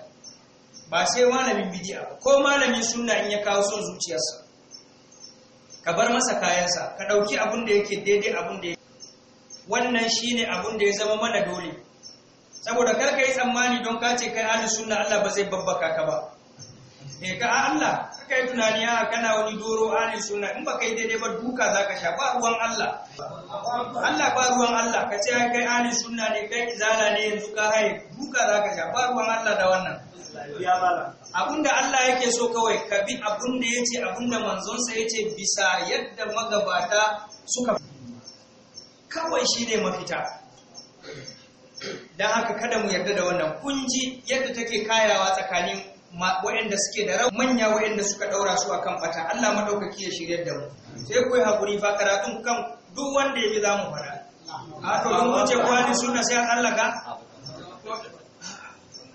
ba sai malamin bid'a ba ko malamin sunna in ya kawo son zuciyarsa ka bar masa kayansa ka dauki abun da yake daidai abun da wannan shine abun da ya zama mana dole saboda kar ka yi tsammani don ka ce kai ahli sunna Allah ba zai babbaka ka ba eh ka Allah ka yi tunani a kana wani doro ahli sunna in ba kai daidai ba duka zaka sha ba ruwan Allah Allah ba ruwan Allah ka ce kai ahli sunna ne kai izala ne yanzu ka haye duka zaka sha ba ruwan Allah da wannan da Allah yake so kawai ka bi ce yace da manzonsa yace bisa yadda magabata suka kawai shi ne mafita don haka kada mu yarda da wannan kunji yadda take kayawa tsakanin waɗanda suke da rau manya waɗanda suka ɗaura su akan fata Allah maɗaukaki ya shirya da mu sai ku yi haƙuri ba karatun kan duk wanda ya bi za mu fara a to don wuce kwani suna sai an allaka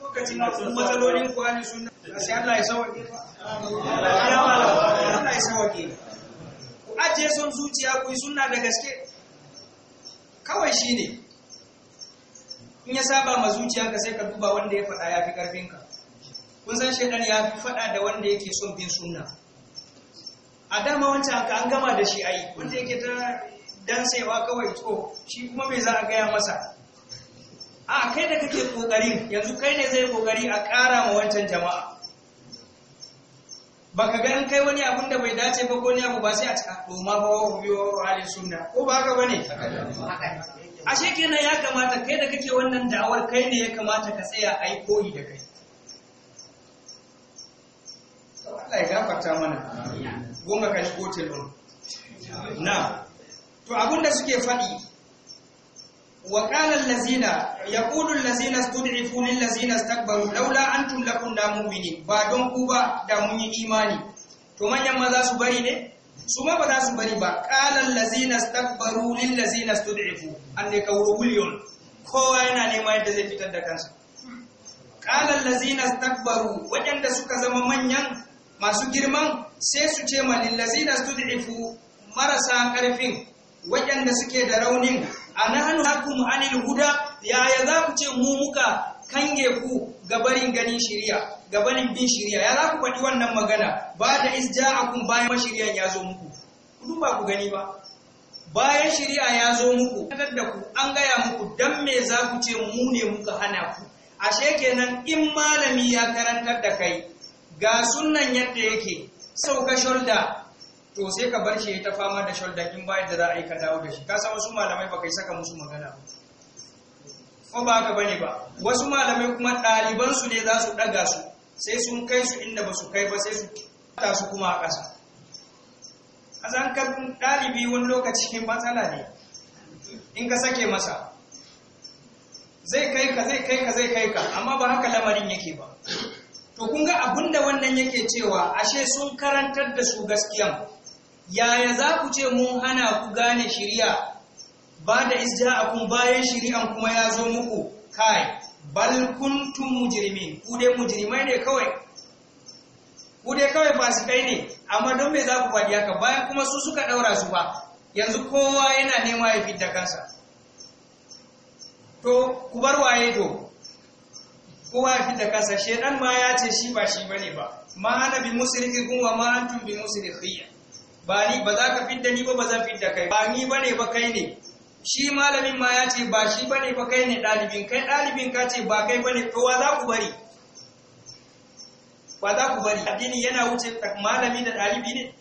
lokacin matsalolin kwani suna sai Allah ya sauke Allah ya sauke ku ajiye son zuciya ku yi suna da gaske kawai shi ne in ya saba ma zuciyarka sai ka duba wanda ya faɗa ya fi ƙarfinka kun san shaidan ya fi faɗa da wanda yake son bin suna. a dama wancan haka an gama da shi ai wanda yake ta dansewa kawai to shi kuma mai za a gaya masa a kai da kake ƙoƙarin yanzu kai ne zai ƙoƙari a ƙara ma wancan jama'a baka ga an kai wani abun da bai dace ba ko ne abu ba sai a cika to ma fa wa biyo halin sunna ko ba haka bane ashe kenan ya kamata kai da kake wannan da'awar kai ne ya kamata ka tsaya ai koyi da kai Allah ya gafarta mana goma ka shigo tilon na to abun da suke faɗi وقال الذين يقول الذين استضعفوا للذين استكبروا لولا انتم لكنا مؤمنين ba don ku ba da mun yi imani to manyan za su bari ne su ma ba za su bari ba qala allazina istakbaru lil ladzina stud'ifu anne kawru bulyon kowa yana nema yadda zai fitar da kansa suka zama manyan masu girman sai su ce ma marasa karfin waɗanda suke da raunin a anahnu hakum anil huda yaya za ku ce mu muka kange ku gabarin ganin shirya gabarin bin shiriya ya za ku faɗi wannan magana ba da kun bayan shirya ya zo muku ku ba ku gani ba bayan shirya ya zo muku kadar da ku an gaya muku dan me za ku ce mu ne muka hana ku ashe kenan in malami ya karantar da kai ga sunan yadda yake sauka shulda to sai ka bar shi ya ta fama da shoulder in bayan da za a yi ka dawo da shi ka san wasu malamai ba kai saka musu magana ba ko ba haka bane ba wasu malamai kuma ɗaliban su ne za su ɗaga su sai sun kai su inda ba su kai ba sai su ta su kuma a ƙasa a san ka ɗalibi wani lokaci [LAUGHS] matsala ne in ka sake masa zai kai ka zai kai ka zai kai ka amma ba haka lamarin yake ba to kun ga abinda wannan yake cewa ashe sun karantar da su gaskiyan yaya za ku ce mun hana ku gane shirya ba da kun bayan shiri'an kuma ya zo muku kai bal kuntum mujrimin ku dai mujrimai ne kawai ku dai kawai kai ne amma don me za ku faɗi haka bayan kuma su suka ɗaura su ba yanzu kowa yana nema ya da kansa to ku bar waye to kowa ya da kansa shedan ma ya ce shi ba shi bane ba ma ana bi musulki wa ma antum bi musrikhiya ba ni ba za ka fidda ni ba ba zan fidda kai ba ni bane ba kai ne shi malamin ma ya ce ba shi bane ba kai ne dalibin kai dalibin ka ce ba kai bane to wa za ku bari ba za ku bari addini yana wuce malami da dalibi ne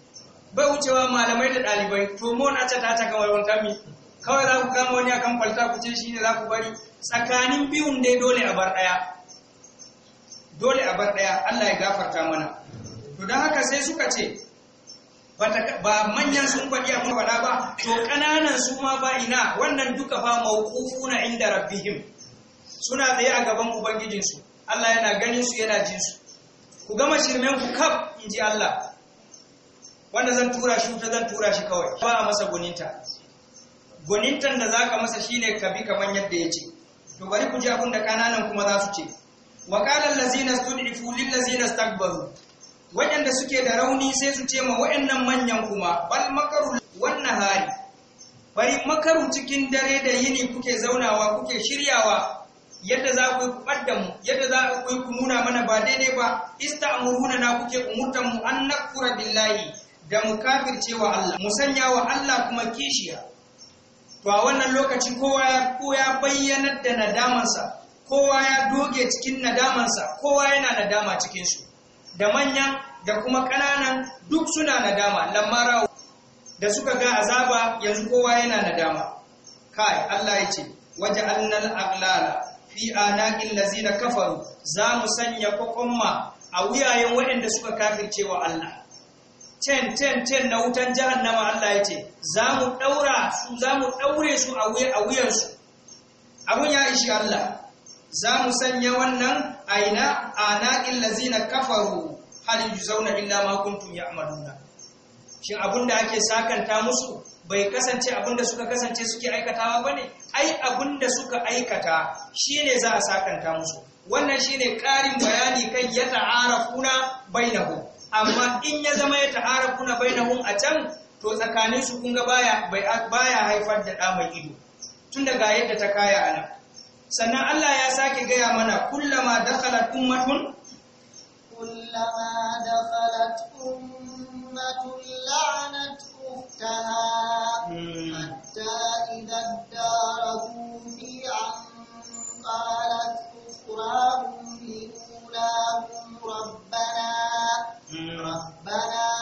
bai wucewa malamai da dalibai. to mo na ta ta kamar wanta mi kawai za ku kama wani akan kwalta ku ce shi ne za ku bari tsakanin biyun dai dole a bar ɗaya dole a bar ɗaya Allah ya gafarta mana to don haka sai suka ce ba manyan sun faɗi abin faɗa ba to ƙananan su ma ba ina wannan duka fa na inda rabbihim suna tsaye a gaban ubangijinsu Allah yana ganin su yana jin ku gama shirmen ku kaf inji Allah wanda zan tura shi ta zan tura shi kawai ba a masa goninta gonintan da zaka masa shine ka bi kaman yadda yace to bari ku ji abin da ƙananan kuma za su ce wa qala allazina stud'ifu lil ladzina waɗanda suke da rauni sai su ce ma waɗannan manyan kuma bal makaru wannan hari bari makaru cikin dare da yini kuke zaunawa kuke shiryawa yadda za ku ɓadda mu yadda za ku nuna mana ba daidai ba ista'muruna na kuke umurtan mu an nakura billahi da mu kafircewa Allah mu sanya wa Allah kuma kishiya to a wannan lokaci kowa ya koya ya da nadamansa kowa ya doge cikin nadamansa kowa yana nadama cikin shi da manya da kuma ƙananan duk suna nadama lamara da suka ga azaba yanzu kowa yana nadama kai Allah ya ce waja'alnal aghlala fi anaqil lazina kafaru za mu sanya kokomma a wuyayen waɗanda suka kafircewa Allah ten ten ten na wutan jahannama Allah ya ce za mu daura su za mu daure su a wuyansu abun ya ishi Allah za mu sanya wannan aina ana illazina kafaru hal yuzawna illa ma kuntum ya'maluna shin abunda ake sakanta musu bai kasance abunda suka kasance suke aikatawa bane ai da suka aikata shine za a sakanta musu wannan shine karin bayani kan ya ta'arafuna bainahum amma in ya zama ya ta'arafuna bainahum a can to tsakaninsu kun ga baya baya haifar da ɗa mai ido tun daga yadda ta kaya ana sannan Allah ya sake gaya mana kullama da dakhalat ummatun kullama da dakhalat ummatun la'anat ukhtaha hmm. hatta idha darabu fi'an qalat ukhrahum li rabbana hmm. rabbana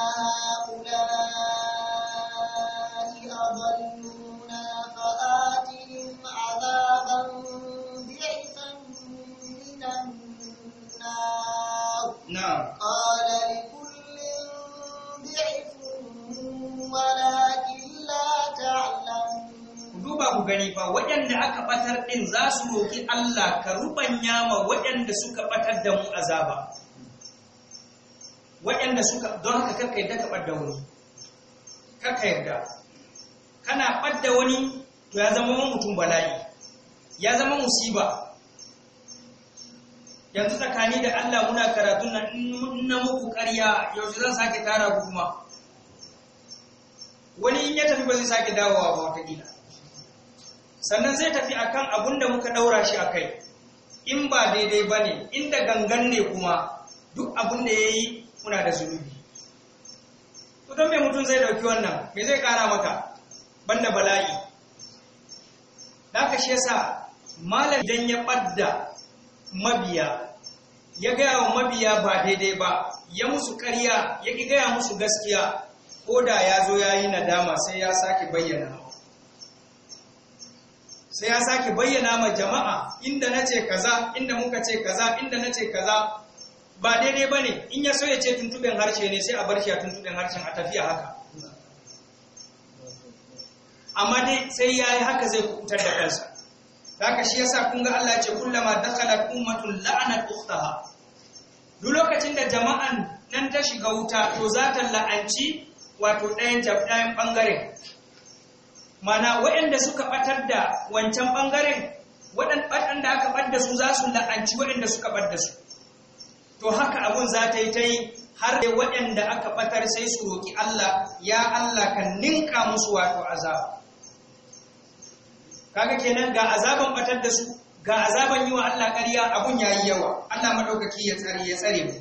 gani ba waɗanda aka ɓatar ɗin za su roƙi Allah ka rubanya ma waɗanda suka ɓatar da mu azaba waɗanda suka don haka karka yadda ka ɓadda wani karka yadda kana ɓadda wani to ya zama mutum bala'i ya zama musiba yanzu tsakani da Allah muna karatun nan in na muku ƙarya yaushe zan sake tara ku kuma wani in ya tafi ba zai sake dawowa ba wata gida sannan zai tafi akan abun da muka ɗaura shi a kai in ba daidai ba ne inda gangan ne kuma duk abun da ya yi kuna da zunubi to don mutum zai dauki wannan me zai kara maka banda bala'i da shi yasa malam idan ya ɓadda mabiya ya gaya wa mabiya ba daidai ba ya musu ƙarya ya ƙi gaya musu gaskiya ko da ya zo ya yi nadama sai ya sake bayyana sai ya sake bayyana ma jama'a inda na ce kaza inda muka ce kaza inda na ce kaza ba daidai ba ne in ya so ya ce tuntuɓen harshe ne sai a bar shi a tuntuɓen harshen a tafiya haka amma dai sai ya yi haka zai kubutar da kansa haka shi yasa kun ga Allah ce kullama dakhalat ummatun la'anat ukhtaha duk lokacin da jama'an nan ta shiga wuta to za ta la'anci wato ɗayan ɗayan bangaren mana waɗanda suka batar da wancan bangaren waɗanda aka bar da su za su la'anci waɗanda suka bar da su to haka abun za ta yi ta yi har da waɗanda aka batar sai su roƙi Allah ya Allah kan ninka musu wato azaba kaga kenan ga azaban batar da su ga azaban yi wa Allah ƙarya abun yayi yawa Allah madaukaki ya tsare ya tsare mu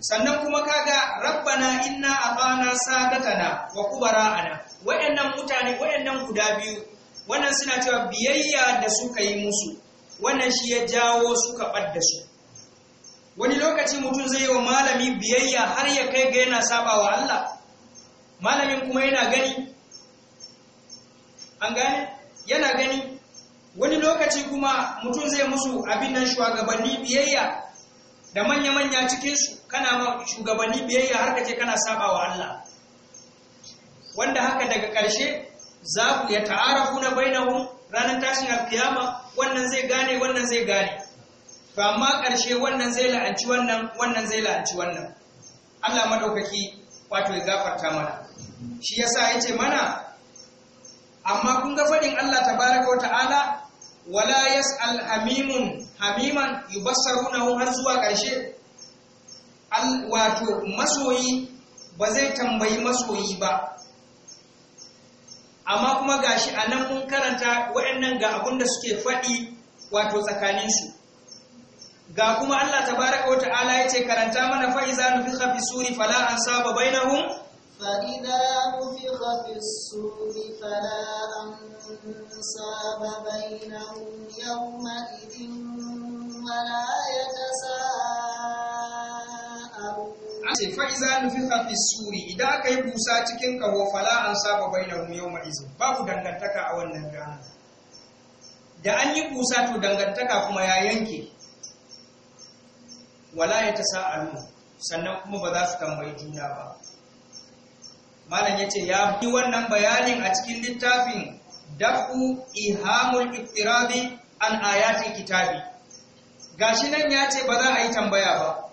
sannan kuma kaga rabbana inna atana sadatana wa kubara'ana Waɗannan mutane waɗannan guda biyu wannan suna cewa biyayya da suka yi musu wannan shi ya jawo suka ɓadda su wani lokaci mutum zai yi wa malami biyayya har ya kai ga yana saba wa Allah malamin kuma yana gani an gane yana gani wani lokaci kuma mutum zai musu abin nan shugabanni biyayya da manya-manya cikinsu kana ma shugabanni biyayya har ka ce kana saba wa Allah wanda haka daga ƙarshe za ku ya ta'arafu na hun, ranar tashin alkiyama wannan zai gane wannan zai gane to amma ƙarshe wannan zai la'anci wannan wannan zai la'anci wannan Allah madaukaki wato ya gafarta mana shi yasa yace mana amma kun ga fadin Allah tabaraka wa ta'ala wala yas'al hamimun hamiman yubassarunahu har zuwa ƙarshe wato masoyi ba zai tambayi masoyi ba amma kuma gashi a nan mun karanta waɗannan ga abin da suke faɗi wato tsakaninsu ga kuma Allah tabaraka wa ta'ala ya ce karanta mana fa'iza nufi hafi suri fala an saba bainahum saba bai na hun yau أنساب بينهم ya ta يتساءلون ce fa iza nufiha fi suri idan aka yi busa cikin kaho fala an saba bainahum yawma izin babu dangantaka a wannan rana da an yi busa to dangantaka kuma ya yanke wala ya ta sa'alu sannan kuma ba za su tambayi juna ba malam ya ce ya bi wannan bayanin a cikin littafin dafu ihamul iftirabi an ayatin kitabi gashi nan ya ce ba za a yi tambaya ba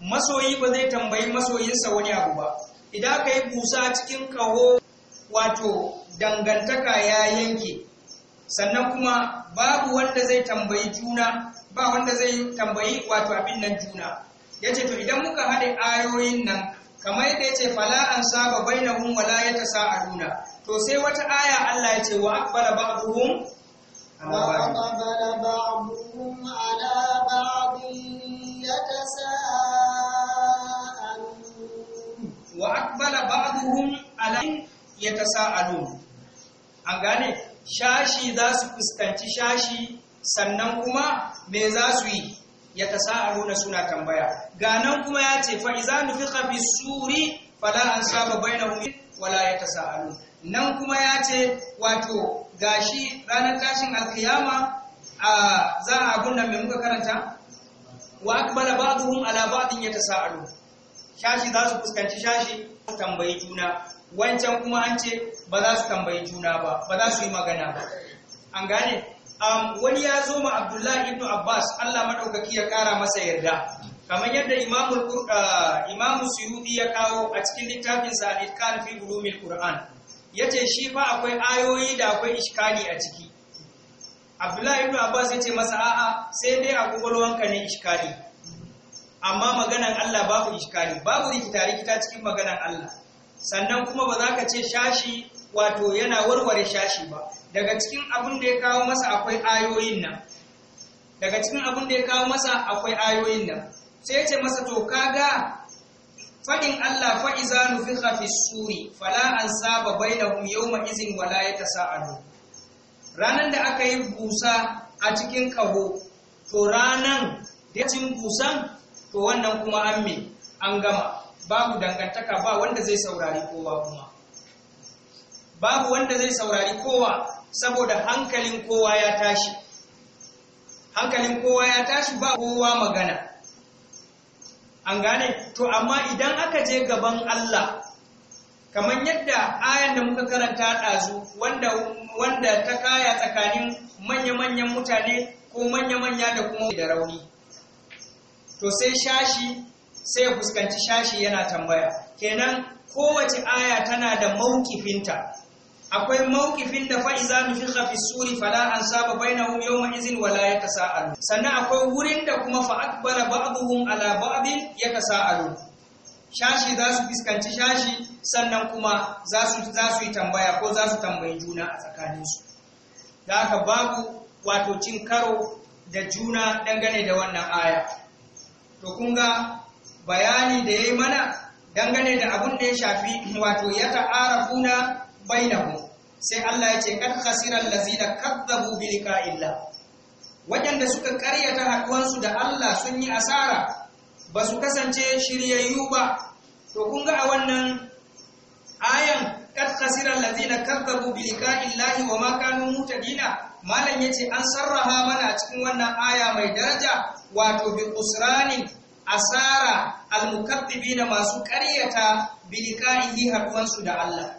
masoyi ba zai tambayi masoyinsa wani abu ba idan ka yi busa cikin kaho wato dangantaka ya yanke sannan kuma babu wanda zai tambayi juna ba wanda zai tambayi wato abin nan juna Ya ce to idan muka haɗe ayoyin nan kamar yadda ce fala an saba hun wala juna. to sai wata aya Allah ya ce wa aqbala ba ala ya ta sa a sa'alun an gane shashi za su fuskanci shashi sannan kuma me za su yi ya ta sa a nuna suna tambaya ganan kuma ya ce fa'iza nufi hafi suri fada an saba bai na huni wala ya ta sa sa'alun nan kuma ya ce wato gashi ranar tashin alkiyama a za a abun nan mai muka karanta wa akbala ba'dhum ala a yatasaalu shashi za su fuskanci shashi tambayi juna wancan kuma an ce ba za su tambayi juna ba ba za su yi magana ba an gane um, wani ya zo ma abdullahi ibn abbas allah maɗaukaki ya ƙara masa yarda kamar yadda imamu uh, imamu suyudi ya kawo a cikin sa al-itqan fi ulumil qur'an yace shi fa akwai ayoyi da akwai iskali a ciki abdullahi ibn abbas ya ce masa a'a sai dai a gogolwanka ne iskali amma maganan allah babu iskali babu rikita rikita cikin maganan allah sannan kuma ba za ka ce shashi wato yana warware shashi ba daga cikin abin da ya kawo masa akwai ayoyin nan daga cikin abin da ya kawo masa akwai ayoyin nan sai ya ce masa to ka ga? Faɗin Allah fa iza nufikha fi suri fala ansaba bainahum yawma izin wala yatasaalu ranan da aka yi busa a cikin kaho to ranan da cin busan to wannan kuma an me an gama babu dangantaka ba wanda zai saurari kowa kuma babu wanda zai saurari kowa saboda hankalin kowa ya tashi hankalin kowa ya tashi ba kowa magana an gane to amma idan aka je gaban Allah kamar yadda ayan da muka karanta ɗazu wanda wanda ta kaya tsakanin manya-manyan mutane ko manya-manya da kuma da rauni to sai shashi sai ya fuskanci shashi yana tambaya kenan kowace aya tana da maukifinta akwai mawkifin da fa iza nufikha fi suri fala ansaba bainahum yawma izin wala yatasaalu sannan akwai wurin da kuma fa akbara ba'dhum ala ba'din yatasaalu shashi za su fuskanci shashi sannan kuma za su za su yi tambaya ko za su tambayi juna a tsakanin su da haka babu wato cin karo da juna dangane da wannan aya to kun ga bayani da ya yi mana dangane da abun da ya shafi wato ya na bainahu sai Allah ya ce kad khasiral lazina kadzabu bi liqa'illah waɗanda suka karyata haduwansu da Allah sun yi asara ba su kasance shiryayyu ba to kun ga a wannan ayan kad khasiral lazina kadzabu bi liqa'illahi wa ma kanu mutadina malam yace an sarraha mana a cikin wannan aya mai daraja wato bi usranin asara da masu ƙaryata biliqa'ihi haɗuwansu da Allah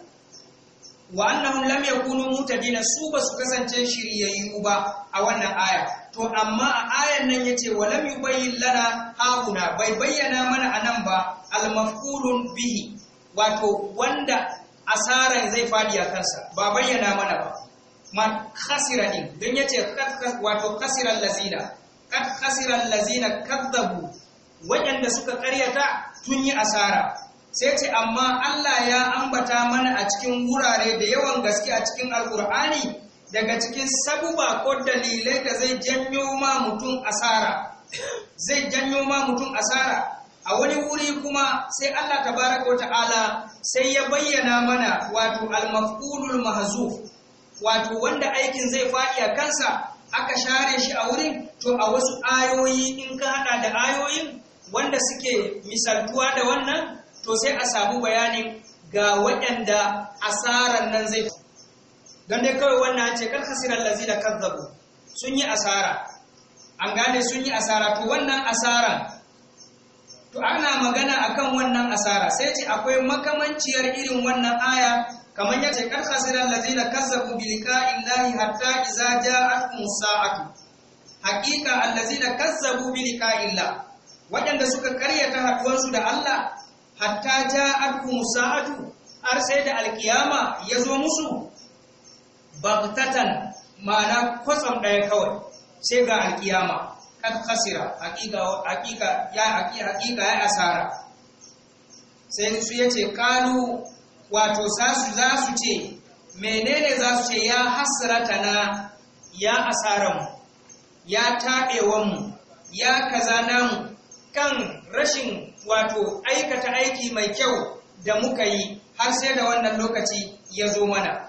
wa annahum lam yakunu mutadina su ba su kasance shiryayyu ba a wannan aya to amma a ayan nan yace wa lam yubayyin lana hauna bai bayyana mana anan ba almafulun bihi wato wanda asara zai fadi a kansa ba bayyana mana ba man khasira din dan yace wato khasiral lazina kat khasiral lazina kadzabu waɗanda suka ƙaryata tun yi asara sai ce amma Allah ya ambata mana a cikin wurare da yawan gaske a cikin alkur'ani daga cikin sabuba ko dalilai da zai janyo ma mutum asara zai janyo ma mutum asara a wani wuri kuma sai Allah tabaraka wa ta'ala sai ya bayyana mana wato al-maf'ulul mahzuf wato wanda aikin zai faɗi a kansa aka share shi a wurin to a wasu ayoyi in ka hada da ayoyin wanda suke misaltuwa da wannan to sai a samu bayanin ga waɗanda asaran nan zai don dai kawai wannan ce kan hasirar lazi da kazzabu sun yi asara an gane sun yi asara to wannan asara to ana magana akan wannan asara sai ce akwai makamanciyar irin wannan aya kamar ya ce kan hasirar lazi da kazzabu bi liqa'illahi hatta iza ja'at Hakika haqiqa kan kazzabu bi liqa'illah waɗanda suka karya ta haɗuwarsu da Allah hatta ja'atkum musa'adu, har sai da alkiyama ya zo musu bagtatan ma'ana kwatsam ɗaya kawai sai ga alkiyama kan kasira, hakika ya asara sai su yace kalu wato za su za su ce menene za su ce ya hasrata na ya asaranmu, ya taɓewan mu ya kaza namu kan rashin wato aikata aiki mai kyau da muka yi har sai da wannan lokaci ya zo mana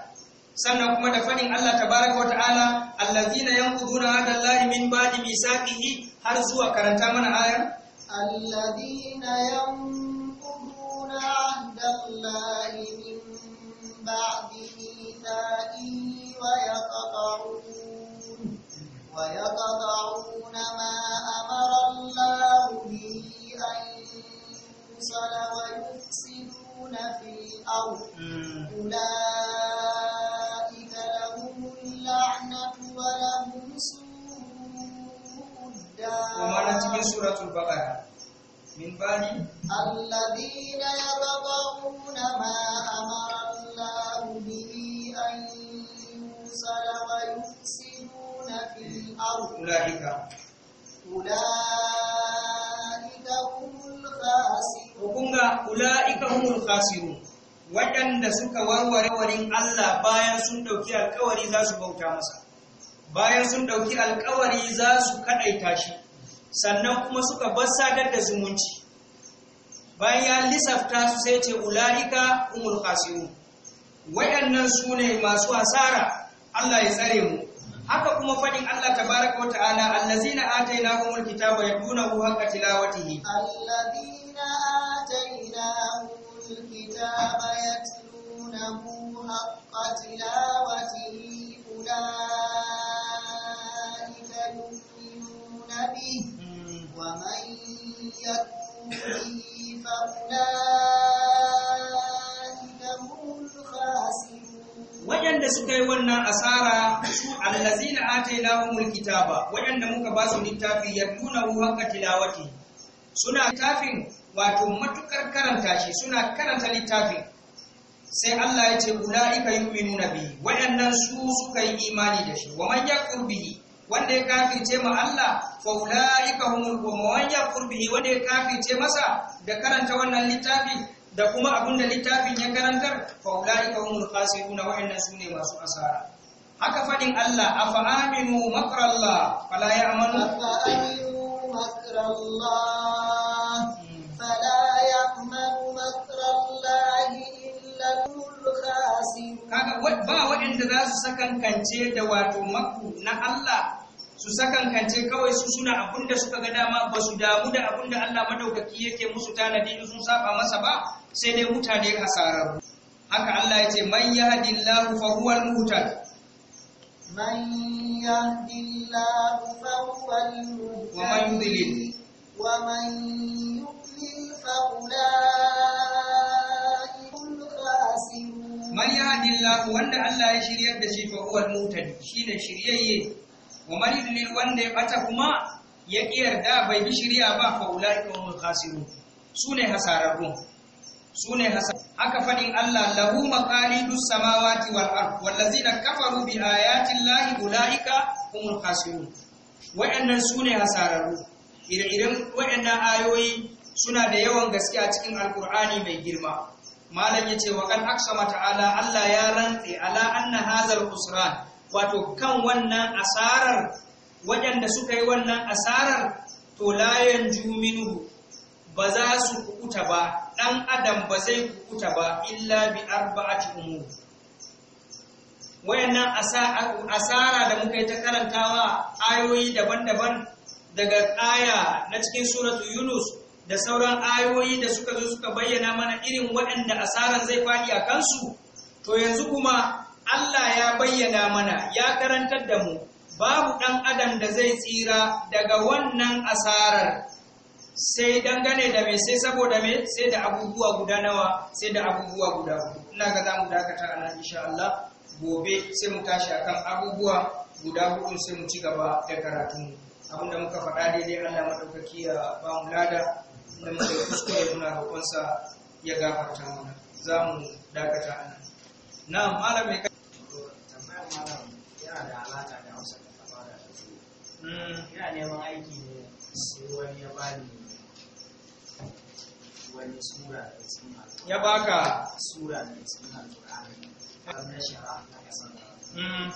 sannan kuma da fadin Allah tabaraka wa ta'ala allazina yanquduna hadallahi min ba'di misaqihi har zuwa karanta mana ayar allazina yanquduna hadallahi min ba'di misaqihi wa yaqta'un wa yaqta'un ma amara Allah الرسل ويفسدون في الأرض أولئك لهم اللعنة ولهم سوء الدار سورة البقرة من بعد الذين يبغون ما أمر الله به أن يوصل ويفسدون في الأرض أولئك أولئك khasirun waɗanda suka warware warin Allah bayan sun ɗauki alkawari za su bauta masa bayan sun ɗauki alkawari za su kaɗaita shi sannan kuma suka bar sadar da zumunci bayan ya lissafta su sai ce ulalika umul khasirun waɗannan su ne masu hasara Allah ya tsare mu haka kuma fadin Allah tabaraka wa ta'ala allazina atainahumul kitaba yadunahu haqqa tilawatihi allazina الكتاب يتلونه حق تلاوته أولئك يؤمنون به ومن يكفر به فأولئك هم الخاسرون وجند سكي ونا أسارا الذين آتيناهم الكتاب وجند مكباس للتافي يتلونه حق تلاوته سنة تافين wato matukar karanta shi suna karanta littafin sai Allah ya ce ula'ika yu'minuna bihi waɗannan su suka yi imani da shi wa man yakfur bihi wanda ya kafirce ma Allah fa ula'ika humul mu'minun yakfur bihi wanda ya kafirce masa da karanta wannan littafin? da kuma abin da littafin ya karantar fa ula'ika humul khasiruna waɗannan su ne masu asara haka fadin Allah afa aminu makrallah fala ya'manu afa aminu makrallah ba waɗanda za su sakankance da wato maku na Allah su sakankance kawai su suna abin da suka ga dama ba su damu da abin da Allah madaukaki yake musu tanadi in sun saba masa ba sai dai mutane hasararru haka Allah ya ce man yahdillahu fa al muhtad man yahdillahu fa al muhtad wa wa man yudlil fa ulai man yahdillahu wanda Allah ya shiryar da shi fa huwa al-muhtadi shine shiryayye wa man yudlil wanda ya bata kuma ya yarda bai bi shiriya ba fa ulai ka hum khasirun sune hasararrun sune hasar Aka fadin Allah lahu maqalidus samawati wal ard wallazina kafaru bi ayati llahi ulaika humul khasirun wa'annan sune hasararru ire-iren wa'annan ayoyi suna da yawan gaskiya cikin alqur'ani mai girma malam yace wa kan aksama ta'ala Allah ya rantse ala anna hazal khusran wato kan wannan asarar da suka yi wannan asarar to layan juminu ba za su kukuta ba ɗan adam ba zai kukuta ba illa bi arba'ati umur wayannan asara da muka yi ta karantawa ayoyi daban-daban daga aya na cikin suratu yunus da sauran ayoyi da suka zo suka bayyana mana irin waɗanda asaran zai faɗi a kansu to yanzu kuma Allah ya bayyana mana ya karantar da mu babu ɗan adam da zai tsira daga wannan asarar sai dangane da mai sai saboda mai sai da abubuwa guda nawa sai da abubuwa guda ina ga zamu dakata a nan insha Allah gobe sai mu tashi akan abubuwa guda uku sai mu ci gaba da karatu abinda muka faɗa daidai Allah madaukaki ya ba mu lada da muka yi kuskure muna roƙonsa ya gafarta mana za mu dakata a nan na malam mai kai tambayar mara yana da alaƙa da hausa da ta fara da su yana hmm. neman aiki ne sai wani ya bani wani sura da cikin alƙur'ani ya baka sura da cikin alƙur'ani kan na shara hmm. a ƙasar da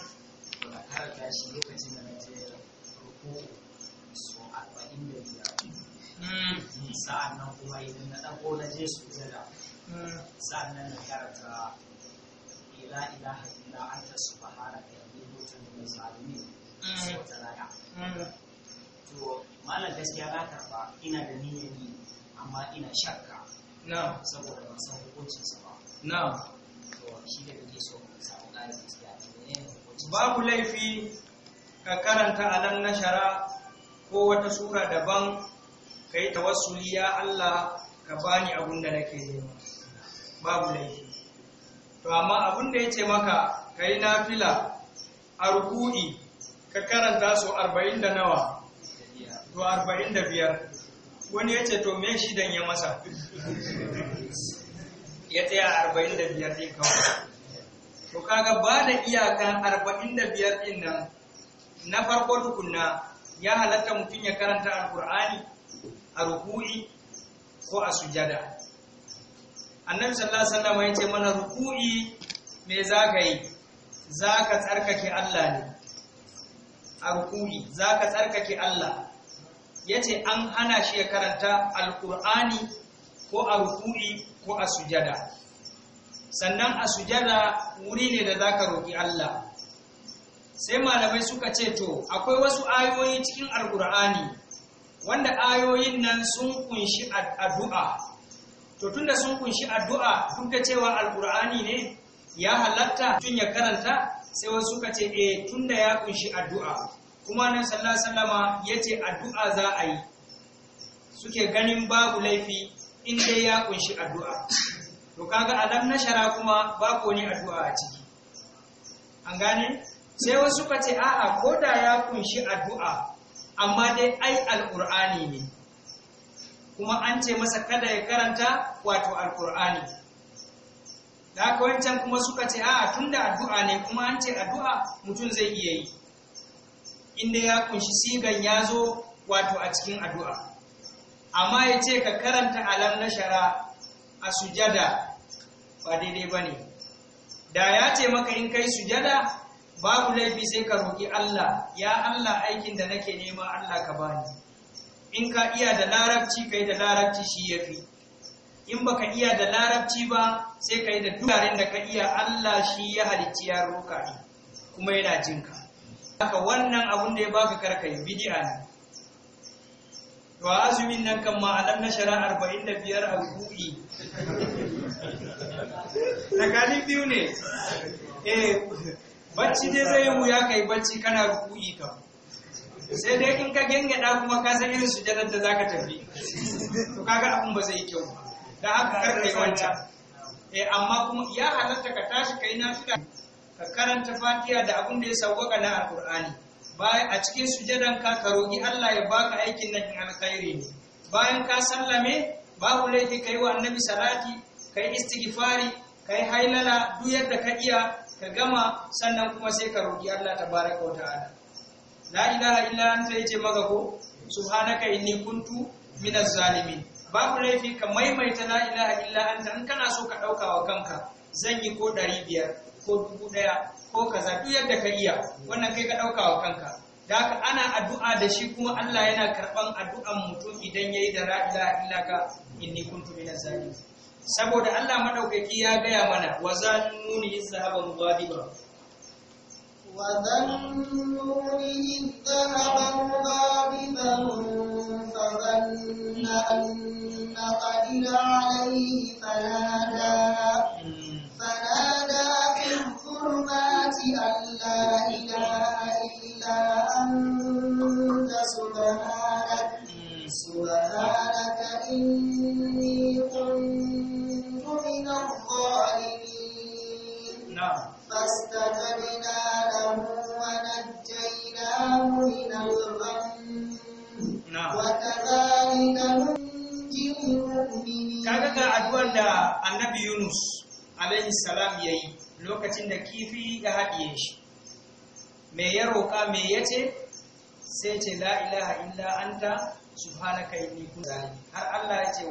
ba ta shi lokacin da na je ruku so arba'in da biyar Hmm. sa'an nan kuma idan na ɗago na je su jada hmm. sa'an nan na karanta ila ilaha illa anta subhanaka inni kuntu minaz zalimin hmm. sai wata raya to malam gaskiya na karba ina da niyyar yi amma ina shakka na saboda ban san hukuncin sa ba na to shi da kake so ka samu ƙarin gaskiya babu laifi ka karanta alam nashara ko wata sura daban ka yi tawassuli ya Allah ka bani abin da nake nema babu laifi to amma abin da ya ce maka ka yi nafila arku'i ka karanta su arba'in da nawa to arba'in da biyar wani ya ce to me shi dan ya masa [LAUGHS] ya tsaya arba'in da biyar ɗin kawai to kaga ba da iyakan arba'in da biyar ɗin nan na farko tukunna ya halatta mutum ya karanta alkur'ani a ruku'i ko a sujada annabi sallallahu alaihi wasallam ya mana ruku'i me zaka yi zaka tsarkake Allah ne a ruku'i zaka tsarkake Allah yace an hana shi ya karanta alqur'ani ko a ruku'i ko a sujada sannan a sujada wuri ne da zaka roki Allah sai malamai suka ce to akwai wasu ayoyi cikin alqur'ani wanda ayoyin nan sun kunshi addu'a to tunda sun kunshi addu'a duk da cewa alqur'ani ne ya halatta tun ya karanta sai wasu suka ce eh tunda ya kunshi addu'a kuma nan sallallahu alaihi wasallama yace addu'a za a yi suke ganin babu laifi in dai ya kunshi addu'a to kaga alam shara kuma bako ne addu'a a ciki an gane sai wasu suka ce a'a da ya kunshi addu'a amma dai ai Alƙur'ani ne kuma an ce masa kada ya karanta wato Alƙur'ani. da haka wancan kuma suka ce a'a tunda addu'a ne kuma an ce addu'a mutum zai iya yi inda ya kunshi sigan ya zo wato a cikin addu'a amma ya ce ka karanta alam na shara a sujada ba daidai ba ne da ya ce maka in kai sujada babu laifi sai ka roƙi Allah ya Allah aikin da nake nema Allah ka bani in ka iya da larabci kai da larabci shi yafi in baka iya da larabci ba sai kai da dukkanin da ka iya Allah shi ya halicci ya roƙa ni kuma yana jinka haka wannan abun da ya baka karkai bid'a ne to azumin nan kan ma alam na shara 45 al-bu'i tsakanin biyu ne eh bacci dai zai yi wuya kai bacci kana ruku'i ka sai dai in ka gengada kuma ka san irin jadar da zaka tafi to kaga abun ba zai kyau ba da haka yi wancan eh amma kuma ya halatta ka tashi kai na fita ka karanta fatiha da abin da ya sauwaka na alqur'ani bayan a cikin sujadan ka ka roki Allah ya baka aikin nan alkhairi ne bayan ka sallame babu laifi kai wa annabi salati kai istighfari kai hailala duk yadda ka iya ka gama sannan kuma sai ka roƙi Allah baraka wa ta'ala la ilaha illa anta yace maka ko subhanaka inni kuntu minaz zalimin babu laifi ka maimaita la ilaha illa anta in kana so ka dauka wa kanka zan yi ko 500 ko 1000 ko kaza duk yadda ka iya wannan kai ka dauka wa kanka da ana addu'a da shi kuma Allah yana karɓan addu'an mutum idan yayi da la ilaha illa ka inni kuntu minaz zalimin saboda Allah madaukaki ya gaya mana wa zannuni izhaba mughadiba wa zannuni izhaba mughadiba fa zanna anna qadira alayhi fanada alaihi salam ya yi lokacin da kifi ya haɗiye shi me ya roƙa me ya ce sai ce la ilaha illa anta subhanaka inni kuntu har Allah ya ce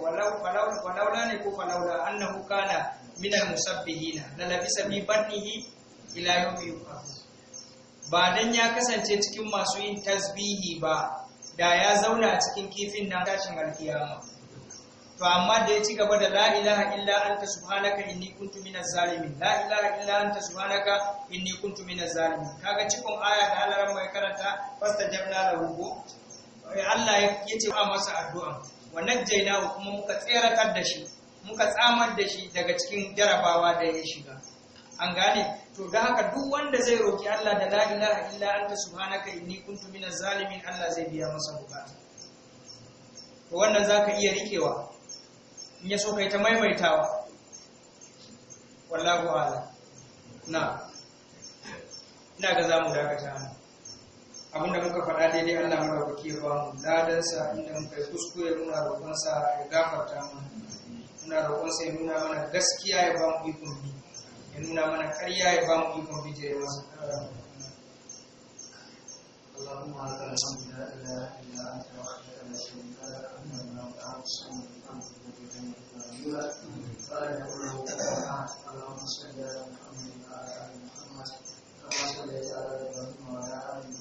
walaula ne ko walaula annahu kana min al-musabbihina la labisa bi batnihi ila yawmi yub'ath ba dan ya kasance cikin masu yin tasbihi ba da ya zauna cikin kifin nan tashin alkiyama to amma da ya ci gaba da la ilaha illa anta subhanaka inni kuntu minaz zalimin la ilaha illa anta subhanaka inni kuntu minaz zalimin kaga cikon aya da Allah ran mai karanta fasta fastajabna lahu Allah ya ce a masa addu'a wa najjaynahu kuma muka tseratar da shi muka tsamar da shi daga cikin jarabawa da ya shiga an gane to da haka duk wanda zai roki Allah da la ilaha illa anta subhanaka inni kuntu minaz zalimin Allah zai biya masa bukata to wannan zaka iya rikewa in ya so kai ta maimaitawa wallahu ala na ina ga zamu dakata mu abinda muka faɗa daidai Allah mu dauke ba mu ladan sa inda kai kuskure muna roƙon sa ya gafarta mu muna roƙon sa ya nuna mana gaskiya ya ba mu ikon ya nuna mana ƙarya ya ba mu ikon bi je masa Allahumma la ila ila anta Bismillahirrahmanirrahim.